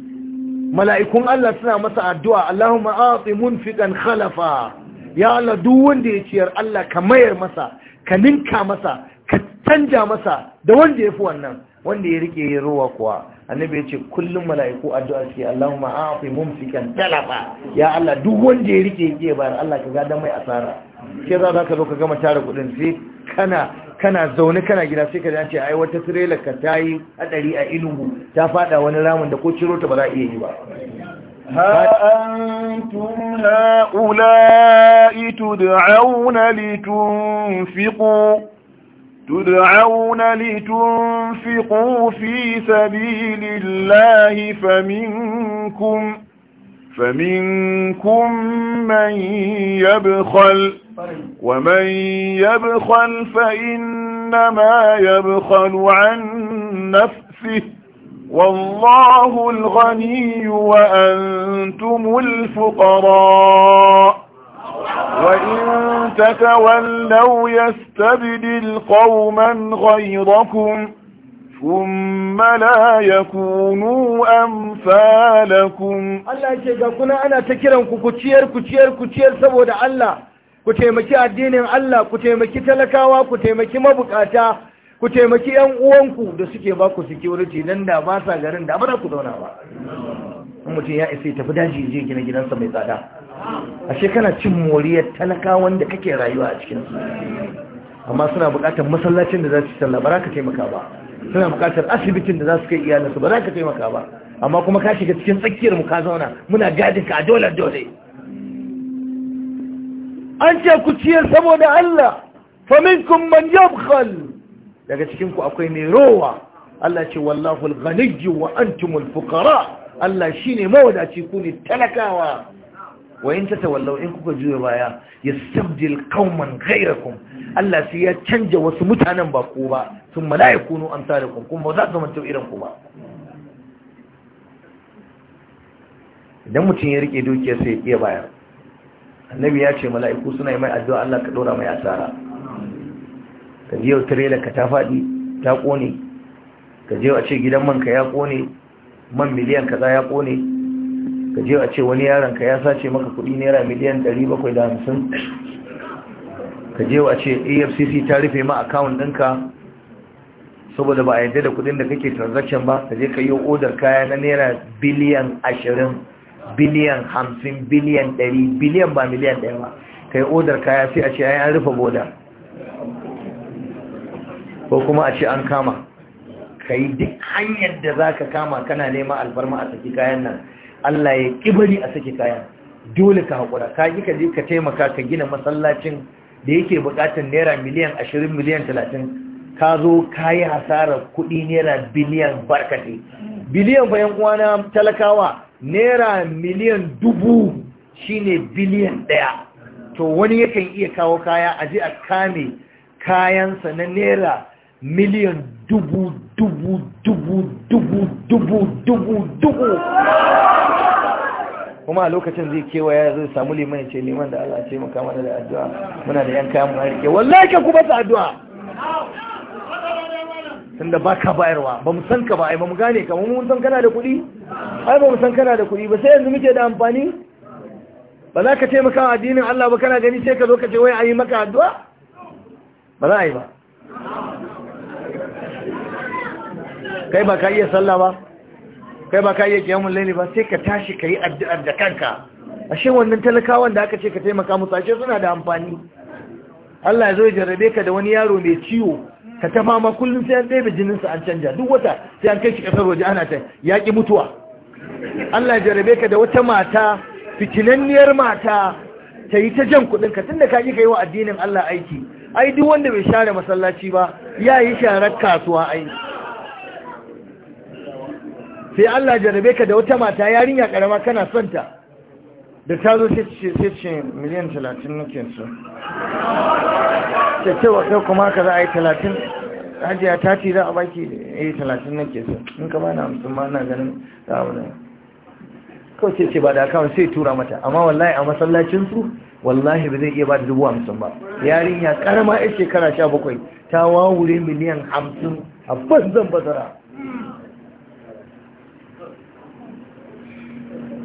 mala'ikun Allah suna masa addu'a Allahumma a'ti munfiqan khalafa ya Allah duk wanda ya ciyar Allah ka mayar masa ka ninka masa ka canja masa da wanda ya fi wannan wanda ya rike yin ruwa kuwa annabi ya ce kullum mala'iku addu'a suke Allahumma a'ti munfiqan talafa ya Allah duk wanda ya rike yake bayar Allah ka ga dan mai asara sai za ka zo ka gama tara kudin sai kana kana zaune kana gina sai ka da ce ai wata trailer ka ta haɗari a inugu ta faɗa wani ramin da ko ciro ba za a iya yi ba ha antum haula'i tud'auna litunfiqu tud'auna litunfiqu fi sabilillahi faminkum faminkum man yabkhala ومن يبخل فإنما يبخل عن نفسه والله الغني وأنتم الفقراء وإن تتولوا يستبدل قوما غيركم ثم لا يكونوا أمثالكم الله يجب أن أنا تكرم كتير كتير كتير سبود الله ku taimaki addinin Allah ku taimaki talakawa ku taimaki mabukata ku taimaki yan uwanku da suke ba ku security dan da ba sa garin da ba ku zauna ba mutum ya isa tafi daji je gina gidansa mai tsada ashe kana cin moriyar talakawan da kake rayuwa a cikin su amma suna buƙatar masallacin da za su sallah ba za ka taimaka ba suna buƙatar asibitin da za su kai iyalinsu ba za ka taimaka ba amma kuma ka shiga cikin tsakiyar mu ka zauna muna gadin ka a dole dole an ce ku ciyar saboda Allah faminkum man yabkhal daga cikin ku akwai mai rowa Allah ce wallahu al-ghaniyyu wa antumul fuqara Allah shine mawadaci ku ne talakawa wa in tatawallaw in kuka juya baya yastabdil qauman ghayrakum Allah sai ya canja wasu mutanen ba ku ba sun malaikunu amsalakum kuma za su manta irin ku ba idan mutum ya rike dukiyar sai ya iya bayar annabi ya ce mala'iku suna yi mai addu'a Allah ka dora mai asara ka je tirela ka ta faɗi ta ƙone ka je a ce gidan man ka ya ƙone man miliyan kaza ya ƙone ka je a ce wani yaron ka ya sace maka kuɗi naira miliyan 750 ka je a ce afcc ta rufe ma akawun ɗinka saboda ba a yadda da kuɗin da kake transaction ba ka je ka yi odar kaya na naira biliyan ashirin. biliyan hamsin biliyan ɗari biliyan ba miliyan ɗaya ba ka yi odar kaya sai a ce an rufe boda ko kuma a ce an kama ka yi duk hanyar da za ka kama kana nema alfarma a saki kayan nan Allah ya ƙibari a saki kayan dole ka haƙura ka yi ka je ka taimaka ka gina masallacin da yake buƙatar naira miliyan ashirin miliyan talatin ka zo ka yi hasarar kuɗi naira biliyan barkate biliyan bayan uwana talakawa naira miliyan dubu shine biliyan ɗaya to wani yakan iya kawo kaya a ji a kame kayansa na naira miliyan dubu dubu dubu dubu dubu dubu dubu kuma a lokacin zai kewaya zai samu liman ce liman da Allah ce maka da addu'a muna da yan kayan mu rike wallahi ka kuma sa addu'a tunda ba ka bayarwa ba mu san ka ba ai ba mu gane ka mu san kana da kuɗi ai ba mu san kana da kuɗi ba sai yanzu muke da amfani ba za ka taimaka wa addinin Allah ba kana gani sai ka zo ka ce wai ayi maka addu'a ba za a yi ba kai ba ka iya sallah ba kai ba ka iya kiyamun laili ba sai ka tashi ka yi addu'ar da kanka ashe wannan talakawan da aka ce ka taimaka musu ashe suna da amfani Allah ya zo ya jarrabe ka da wani yaro mai ciwo ka ta fama kullum sai an ɗebe sa an canja duk wata sai an kai shi ƙasar waje ana ta yaƙi mutuwa Allah ya jarabe ka da wata mata fitinanniyar mata ta yi ta jan kuɗin ka tunda ka ƙi ka yi wa addinin Allah aiki ai duk wanda bai share masallaci ba ya yi sharar kasuwa ai sai Allah ya jarabe ka da wata mata yarinya ƙarama kana son ta da ta zo sai ce miliyan talatin nake su ta ce wa kai kuma ka za a yi talatin ajiya ta ce za a baki a eh, yi talatin nake su in ka na hamsin ma na ganin za a wani kawai ce ce ba da akawun sai tura mata amma wallahi a masallacinsu wallahi ba zai iya ba da dubu hamsin ba yarinya karama ya shekara sha bakwai ta wawure miliyan hamsin a banzan bazara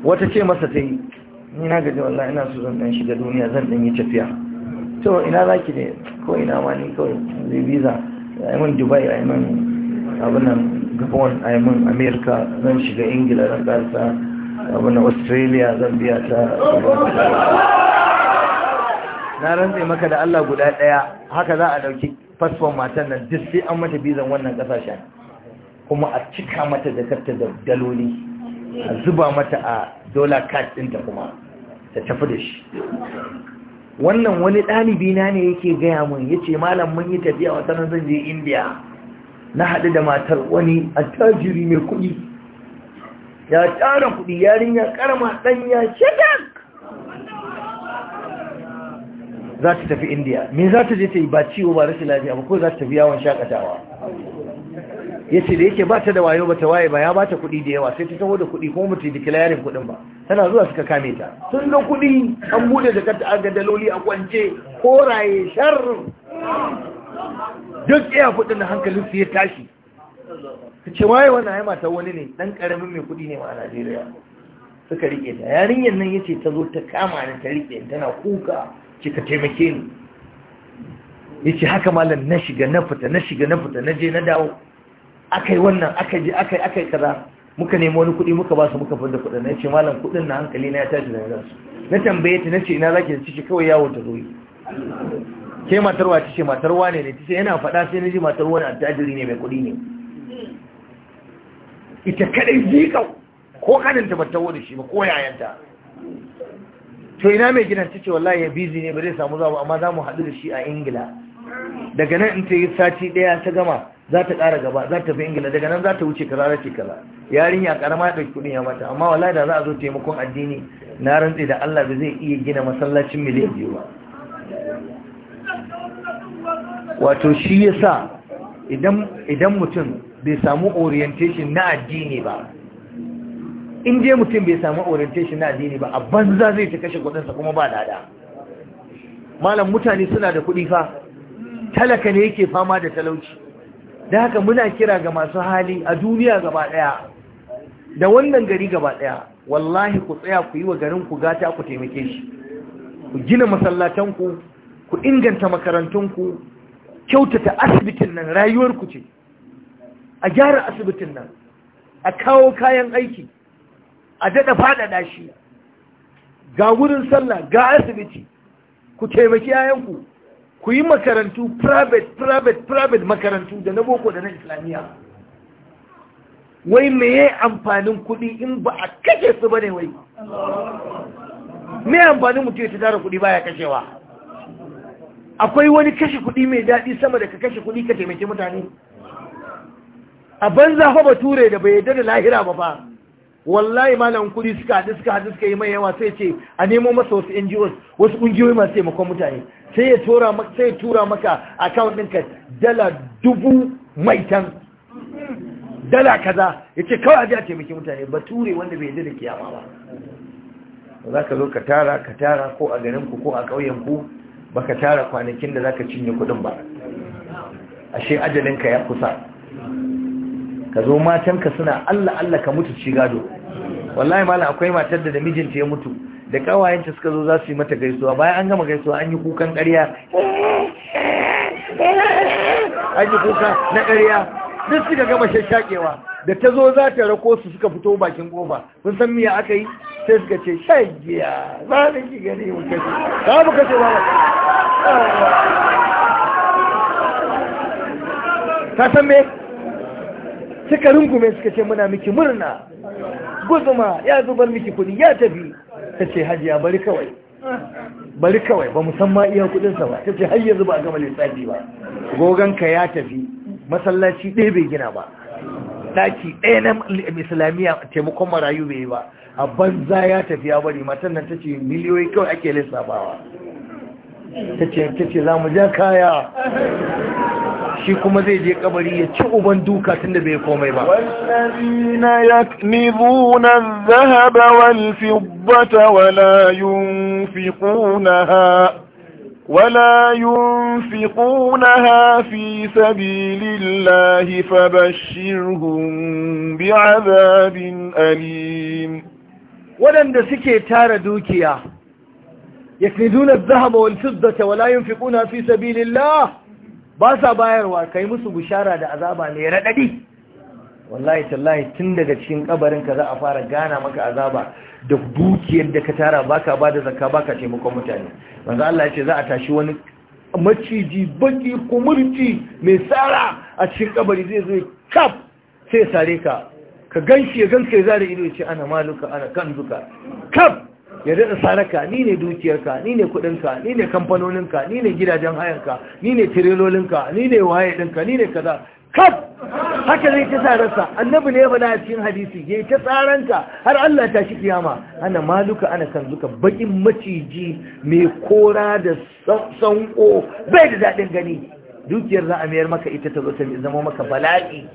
wata ce masa ta yi ni na gaji wallahi ina so zan dan shiga duniya zan dan yi tafiya to ina zaki ne ko ina ma ni ko zai visa a yi min dubai ai yi min nan gabon ai yi america zan shiga ingila zan ƙarsa abin nan australia zan biya ta na rantse maka da allah guda ɗaya haka za a ɗauki fasfon matan nan duk sai an mata bizan wannan kasashen kuma a cika mata da karta da daloli a zuba mata a dola card ɗinta kuma ta tafi da shi wannan wani ɗalibi na ne yake gaya mun yace malam mun yi tafiya wata nan zan je indiya na haɗu da matar wani attajiri mai kuɗi ya tara kuɗi yarinya karama ya shadak za ta tafi indiya me za ta je ta yi ba ciwo ba rashin lafiya ba ko za ta tafi yawon shakatawa ya ce da yake ba ta da wayo ba ta waye ba ya ba ta kuɗi da yawa sai ta taho da kuɗi kuma mutu da kilayarin kuɗin ba tana zuwa suka kame ta sun da kuɗi an buɗe da kanta an ga daloli a kwance koraye shar duk iya kuɗin da hankalin su ya tashi ta ce waye wannan haima ta wani ne ɗan ƙaramin mai kuɗi ne ma a najeriya suka riƙe ta yarinyar nan yace ta zo ta kama ni ta riƙe tana kuka ce ka taimake ni ya haka malam na shiga na fita na shiga na fita na je na dawo aka yi wannan aka ji aka yi aka yi kaza muka nemi wani kuɗi muka ba su muka da kuɗin na ce malam kuɗin na hankali na ya tashi da yanzu na tambaye ta na ce ina ki ta ciki kawai yawon ta zoyi ke matarwa ta ce matarwa ne ne ta ce yana faɗa sai na ji matarwa ne attajiri ne mai kuɗi ne ita kadai zikau ko kaninta ba bata wani shi ba ko yayanta to ina mai gidan ta ce wallahi ya bizi ne ba zai samu zuwa amma za mu haɗu da shi a ingila daga nan in ta yi sati ɗaya ta gama za ta ƙara gaba za ta fi ingila daga nan za ta wuce kaza kaza yarinya karama da ɗauki kuɗin ya mata amma wallahi da za a zo taimakon addini na rantse da Allah ba zai iya gina masallacin miliyan biyu ba wato shi yasa idan idan mutum bai samu orientation na addini ba in je mutum bai samu orientation na addini ba a banza zai ta kashe sa kuma ba lada malam mutane suna da kuɗi fa talaka ne yake fama da talauci da haka muna kira ga masu hali a duniya gaba daya da wannan gari gaba ɗaya. wallahi ku tsaya ku yi wa garin ku gata ku taimake shi ku gina masallatanku ku inganta makarantunku kyautata asibitin nan rayuwarku ce a gyara asibitin nan a kawo kayan aiki a daɗa faɗaɗa shi ga wurin sallah ga asibiti ku taimaki yayanku ku yi makarantu private private private makarantu da na boko da na islamiyya wai yi amfanin kuɗi in ba a kashe su ba ne wai me amfanin mutum ya tara kuɗi baya kashewa akwai wani kashe kuɗi mai daɗi sama da ka kashe kuɗi ka taimaki mutane a banza fa Ture da bai yadda da lahira ba fa wallahi malam kuɗi suka haɗu suka haɗu suka yi mai yawa sai ce a nemo masa wasu NGOs wasu ƙungiyoyi masu taimakon mutane sai ya tura maka sai tura maka account ɗinka dala dubu mai tan dala kaza yace kawai aje a taimaki mutane bature wanda bai yarda da kiyama ba za ka zo ka tara ka tara ko a garin ku ko a ƙauyen ku baka tara kwanakin da zaka cinye kuɗin ba ashe ajalinka ya kusa ka zo matanka suna Allah Allah ka mutu ci gado wallahi malam akwai matar da mijinta ya mutu da ta suka zo za su yi mata gaisuwa bayan an gama gaisuwa an yi kukan ƙarya an yi kuka na ƙarya duk suka gama shashakewa da ta zo za ta rako su suka fito bakin ƙofa sun san miya aka yi sai suka ce shagiya za ni ki gani mu kashe za mu kashe ba ta san me suka rungume suka ce muna miki murna guzuma ya zubar miki kuɗi ya tafi ta ce hajiya bari kawai bari kawai ba musamman iya kudinsa ba ta ce har yanzu ba a gama lissafi ba ka ya tafi masallaci ɗaya bai gina ba ɗaki ɗaya na islamiyya taimakon marayu bai yi ba a banza ya tafi ya bari matan nan ta ce miliyoyi kawai ake lissafawa ta ce ta ce za mu ja kaya shi kuma zai je kabari ya ci uban duka tun da bai komai ba wallazina yaknibuna dhahaba wal fiddata wala yunfiqunaha wala yunfiqunaha fi sabilillahi fabashshirhum azabin alim wadanda suke tara dukiya yaknizuna adh-dhahaba wal-fiddata wa la yunfiquna fi sabilillah ba sa bayarwa kai musu bushara da azaba ne radadi wallahi tallahi tun daga cikin kabarin ka za a fara gana maka azaba da dukiyar da ka tara baka bada zakka baka taimakon mutane manzo Allah ya ce za a tashi wani maciji baki kumurci mai tsara a cikin kabari zai zo kaf sai sare ka ka ganshi ya ganka ya ido ya ce ana maluka ana kanzuka kaf ya daɗa saraka ni ne dukiyarka ni ne kudinka ni ne kamfanoninka ni ne gidajen hayanka ni ne tirelolinka ni ne waye ɗinka ni ne kaza kaf haka zai ta tsararsa annabi ne ya faɗa a cikin hadisi ya ta tsaranta har Allah ta shi kiyama ana maluka ana kan zuka bakin maciji mai kora da sanko bai da daɗin gani dukiyar za a mayar maka ita ta zo ta zama maka bala'i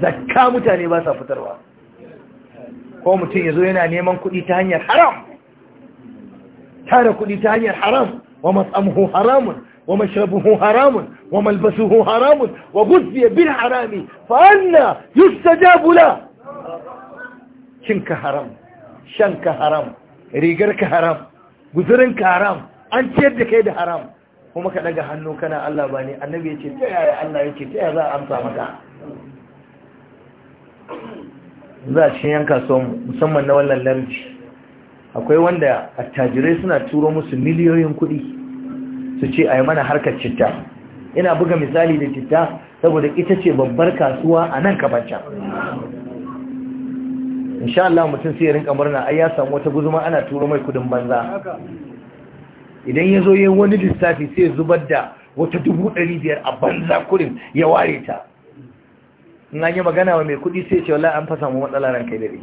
zakka mutane ba sa fitarwa ko mutum ya zo yana neman kuɗi ta hanyar haram tara kuɗi ta hanyar haram wa matsamuhu haramun wa mashrabuhu haramun wa malbasuhu haramun wa guzziya bil harami fa anna yustajabu la cinka haram shanka haram ka haram ka haram an ciyar da kai da haram kuma ka daga hannu kana Allah ba annabi ya ce ta yaya Allah ya ce ta yaya za a amsa maka za a cikin yanka musamman na wannan lamci akwai wanda attajirai suna turo musu miliyoyin kuɗi su ce a yi mana harkar citta ina buga misali da citta saboda ita ce babbar kasuwa a nan kabancan insha Allah mutum sai ya rinka murna ai ya samu wata guzuma ana turo mai kudin banza idan ya zo yi wani lissafi sai zubar da wata dubu ɗari biyar a banza kurin ya ware ta in yi magana wa mai kuɗi sai ce wala an fasa mu matsala ran kai dare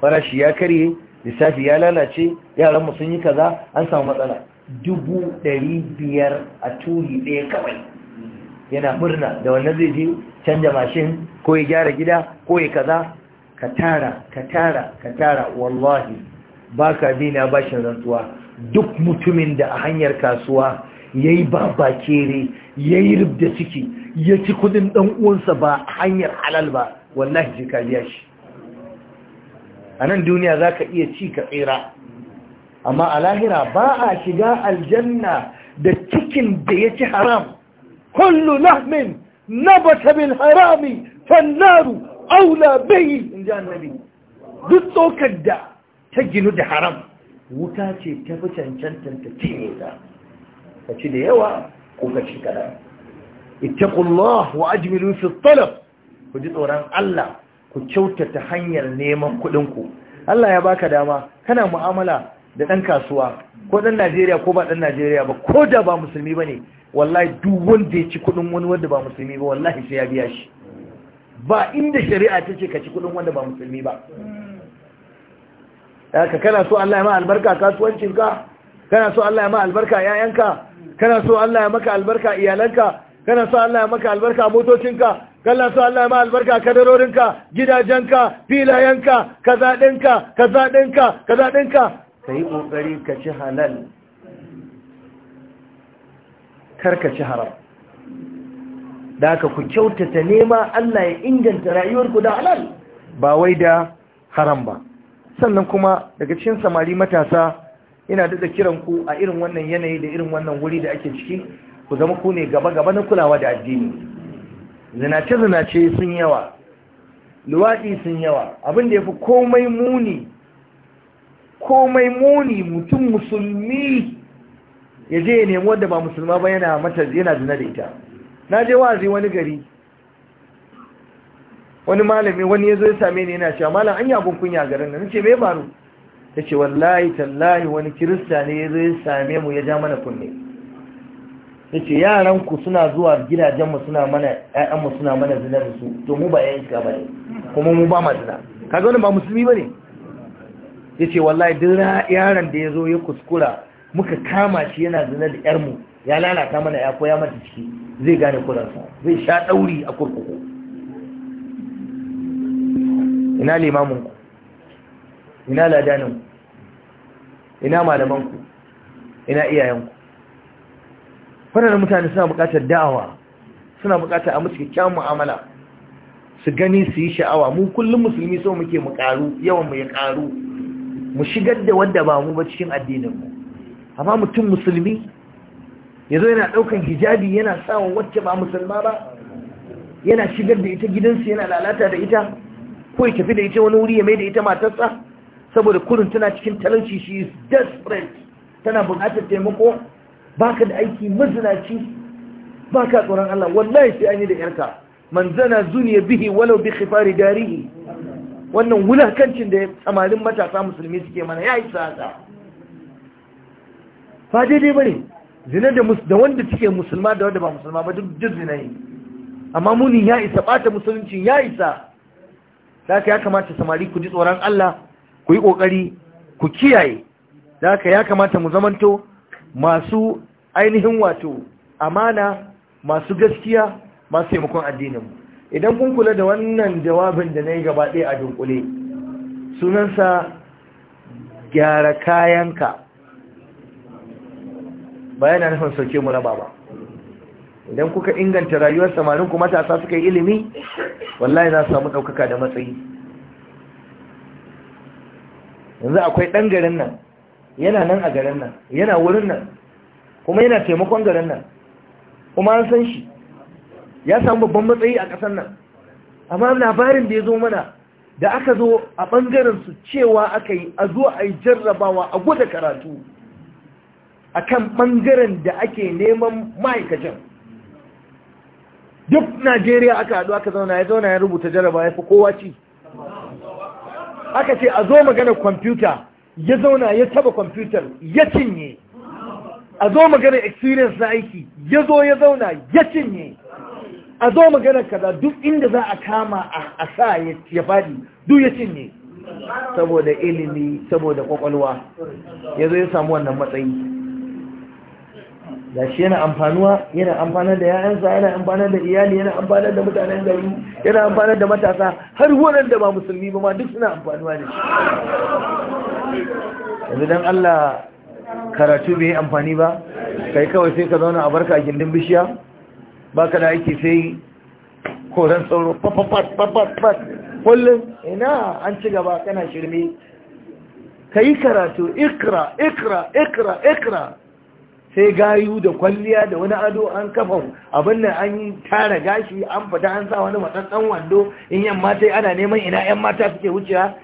farashi ya karye lissafi ya lalace yaran mu sun yi kaza an samu matsala dubu ɗari biyar a turi ɗaya kawai yana murna da wannan zai je canja mashin ko ya gyara gida ko ya kaza ka tara ka tara ka tara wallahi baka bina bashin rantsuwa duk mutumin da a hanyar kasuwa yayi yi babakere yayi yi rubda ciki ya ci kudin ɗan uwansa ba hanyar halal ba wallahi je ka biya shi a nan duniya za ka iya ci ka tsira amma a lahira ba a shiga aljanna da cikin da ya ci haram kullu lahmin nabata bil harami fannaru aula bai in ji annabi duk tsokar da ta ginu da haram wuta ce ta fi cancantar ta ne ta ka ci da yawa ko ka ci kaɗan ittaqullah wa ajmilu fi talab ku ji tsoron Allah ku kyautata hanyar neman kuɗin ku Allah ya baka dama kana mu'amala da ɗan kasuwa ko ɗan Najeriya ko ba ɗan Najeriya ba ko da ba musulmi bane wallahi duk wanda ya ci kuɗin wani wanda ba musulmi ba wallahi sai ya biya shi ba inda shari'a ta ce ka ci kuɗin wanda ba musulmi ba ka kana so Allah ya ma albarka kasuwancinka kana so Allah ya ma albarka yayanka kana so Allah ya maka albarka iyalanka kana so Allah ya maka albarka motocinka kana so Allah ya maka albarka kadarorinka gidajenka filayenka kaza dinka kaza dinka kaza dinka kai kokari ka ci halal kar ka ci haram da ka ku kyautata nema Allah ya inganta rayuwarku da halal ba wai da haram ba sannan kuma daga cikin samari matasa ina da kiran ku a irin wannan yanayi da irin wannan wuri da ake ciki ku zama ku ne gaba-gaba na kulawa da addini zinace-zinace sun yawa luwaɗi sun yawa abin da ya fi komai muni komai muni mutum musulmi ya je ya nemi wadda ba musulma ba yana mata yana zina da ita na je wazi wani gari wani malami wani ya zo ya same ni yana cewa malam an yi kunya garin nan ce me faru ta ce wallahi tallahi wani kirista ne ya zo ya same mu ya ja mana kunne yace yaran ku suna zuwa gidajen mu suna mana 'ya'yanmu suna mana zina da su to mu ba ƴaƴan ka ne, kuma mu ba ma zina kaga wannan ba musulmi bane yace wallahi duk yaran da yazo ya kuskura muka kama shi yana zina da ƴar mu ya lalata mana ya koya mata ciki zai gane kuransa zai sha dauri a kurkuku ina Limaminku? ku ina ladanin ku ina malaman ku ina iyayen ku waɗannan mutane suna buƙatar da'awa suna buƙatar a musu kyakkyawan mu'amala su gani su yi sha'awa mu kullum musulmi so muke mu ƙaru yawan mu ya ƙaru mu shigar da wanda ba mu ba cikin addinin amma mutum musulmi yazo yana ɗaukar hijabi yana sawa wacce ba musulma ba yana shigar da ita gidansu yana lalata da ita ko ya tafi da ita wani wuri ya mai da ita matarsa saboda kurin tana cikin talauci shi is desperate tana bukatar taimako baka da aiki mazinaci baka tsoron Allah wallahi sai an yi da yarka man zana zuniya bihi walau bi khifari darihi wannan wulakancin da samarin matasa musulmi suke mana ya isa haka ba daidai bane zina da da wanda take musulma da wanda ba musulma ba duk zina ne amma muni ya isa bata musulunci ya isa haka ya kamata samari ku ji tsoron Allah ku yi kokari ku kiyaye haka ya kamata mu zamanto masu ainihin wato amana masu gaskiya masu taimakon addininmu idan kun kula da wannan jawabin da na yi gaba ɗaya a dunkule sunansa gyara kayanka ba yana nufin sauke mu raba ba. idan kuka inganta rayuwar samarin ku matasa suka yi ilimi wallahi za su samu ɗaukaka da matsayi yanzu akwai ɗan garin nan yana nan a garin nan yana wurin nan kuma yana taimakon garin nan kuma an san shi ya samu babban matsayi a ƙasar nan amma labarin da ya zo mana da aka zo a ɓangaren su cewa aka yi a zo a yi jarrabawa a gwada karatu a kan ɓangaren da ake neman ma'aikacin duk najeriya aka haɗu aka zauna ya zauna ya rubuta jarraba ya fi kowa ci aka ce a zo maganar kwamfuta ya zauna ya taba kwamfutar ya cinye a zo magana experience na aiki ya zo ya zauna ya cinye a zo magana kaza duk inda za a kama a sa ya faɗi duk ya cinye saboda ilimi saboda kwakwalwa ya zo ya samu wannan matsayi da shi yana amfanuwa yana amfanar da yayansa yana amfanar da iyali yana amfanar da mutanen gari yana amfanar da matasa har da ba musulmi ba ma duk suna amfanuwa ne yanzu don allah karatu bai yi amfani ba kai kawai sai ka zauna a barka a gindin bishiya ba ka da aiki sai koran tsoro papapapapapap karatu ikra ikra sai gayu da kwalliya da wani ado an kafa abin tara gashi an fita an sa wani wando in yan neman ina yan mata suke za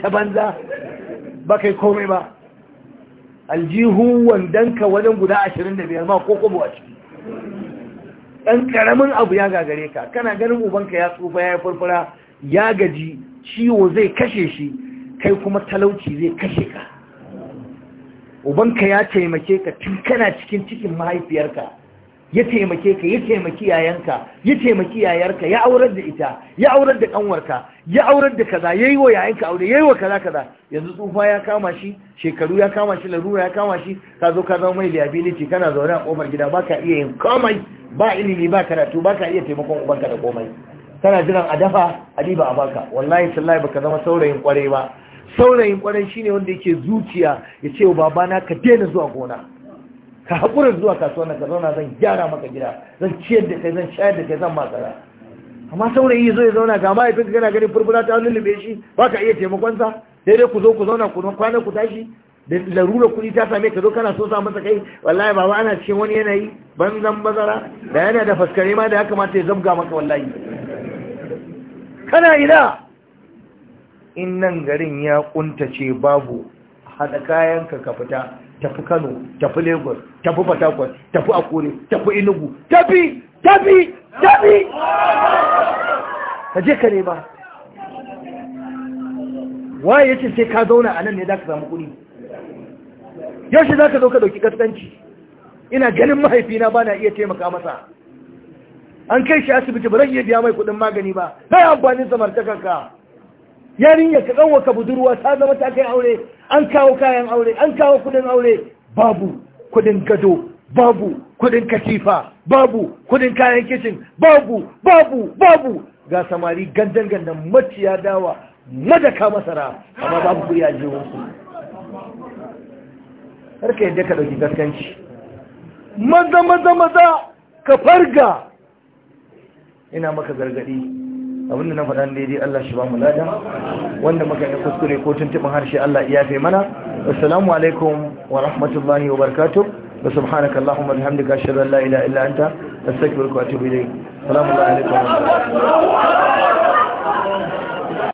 ta banza ba yi komai ba aljihu wandanka wajen guda ashirin da biyar ma ko kobo a ciki ɗan ƙaramin abu ya gagare ka kana ganin ubanka ya tsufa ya furfura ya gaji ciwo zai kashe shi kai kuma talauci zai kashe ka ubanka ya taimake ka tun kana cikin cikin mahaifiyarka ya taimake ka ya taimaki yayanka ya taimaki yayarka ya aurar da ita ya aurar da kanwarka ya aurar da kaza ya yi wa yayanka aure ya yi wa kaza kaza yanzu tsufa ya kama shi shekaru ya kama shi larura ya kama shi ka zo ka zama mai liability kana zaune a kofar gida ba iya yin komai ba ilimi ba karatu ba iya taimakon ubanka da komai kana jiran a dafa a diba a baka wallahi sallahi baka zama saurayin kwarai ba saurayin kwarai shine wanda yake zuciya ya ce wa babana ka daina zuwa gona ka haƙura zuwa kasuwa na ka zauna zan gyara maka gida zan ciyar da kai zan shayar da kai zan matsara amma saurayi zo ya zauna ga mahaifinka kana ganin furfura ta lullube shi ba ka iya taimakonsa sai dai ku zo ku zauna ku kwana ku tashi da larura kuɗi ta same ka zo kana so sa masa kai wallahi baba ana cikin wani yanayi banzan bazara da yana da faskare ma da ya kamata ya zabga maka wallahi kana ina in nan garin ya kuntace babu haɗa kayanka ka fita tafi kano tafi lagos tafi fatakwal tafi akure tafi inugu tafi tafi tafi ka je ka nema waye ya ce sai ka zauna a nan ne za ka samu kuɗi yaushe za ka zo ka ɗauki kaskanci ina ganin mahaifina ba na iya taimaka masa an kai shi asibiti ba zan iya biya mai kuɗin magani ba yi amfanin samartakanka yarinya ka kanwaka budurwa ta zama ta kai aure an kawo kayan aure an kawo kudin aure babu kudin gado babu kudin katifa babu kudin kayan kicin babu babu babu ga samari gandan gandan maciya dawa madaka masara amma babu kuri a jiwonsu harka yadda ka ɗauki gaskanci maza maza maza ka farga ina maka gargaɗi abinda na faɗa daidai Allah shi ba mu lada wanda muka yi kuskure ko tuntuɓin harshe Allah ya fi mana assalamu alaikum wa rahmatullahi wa barakatuh wa subhanaka allahumma bihamdika ashhadu an la ilaha illa anta astaghfiruka wa atubu ilayk assalamu alaikum wa rahmatullahi wa barakatuh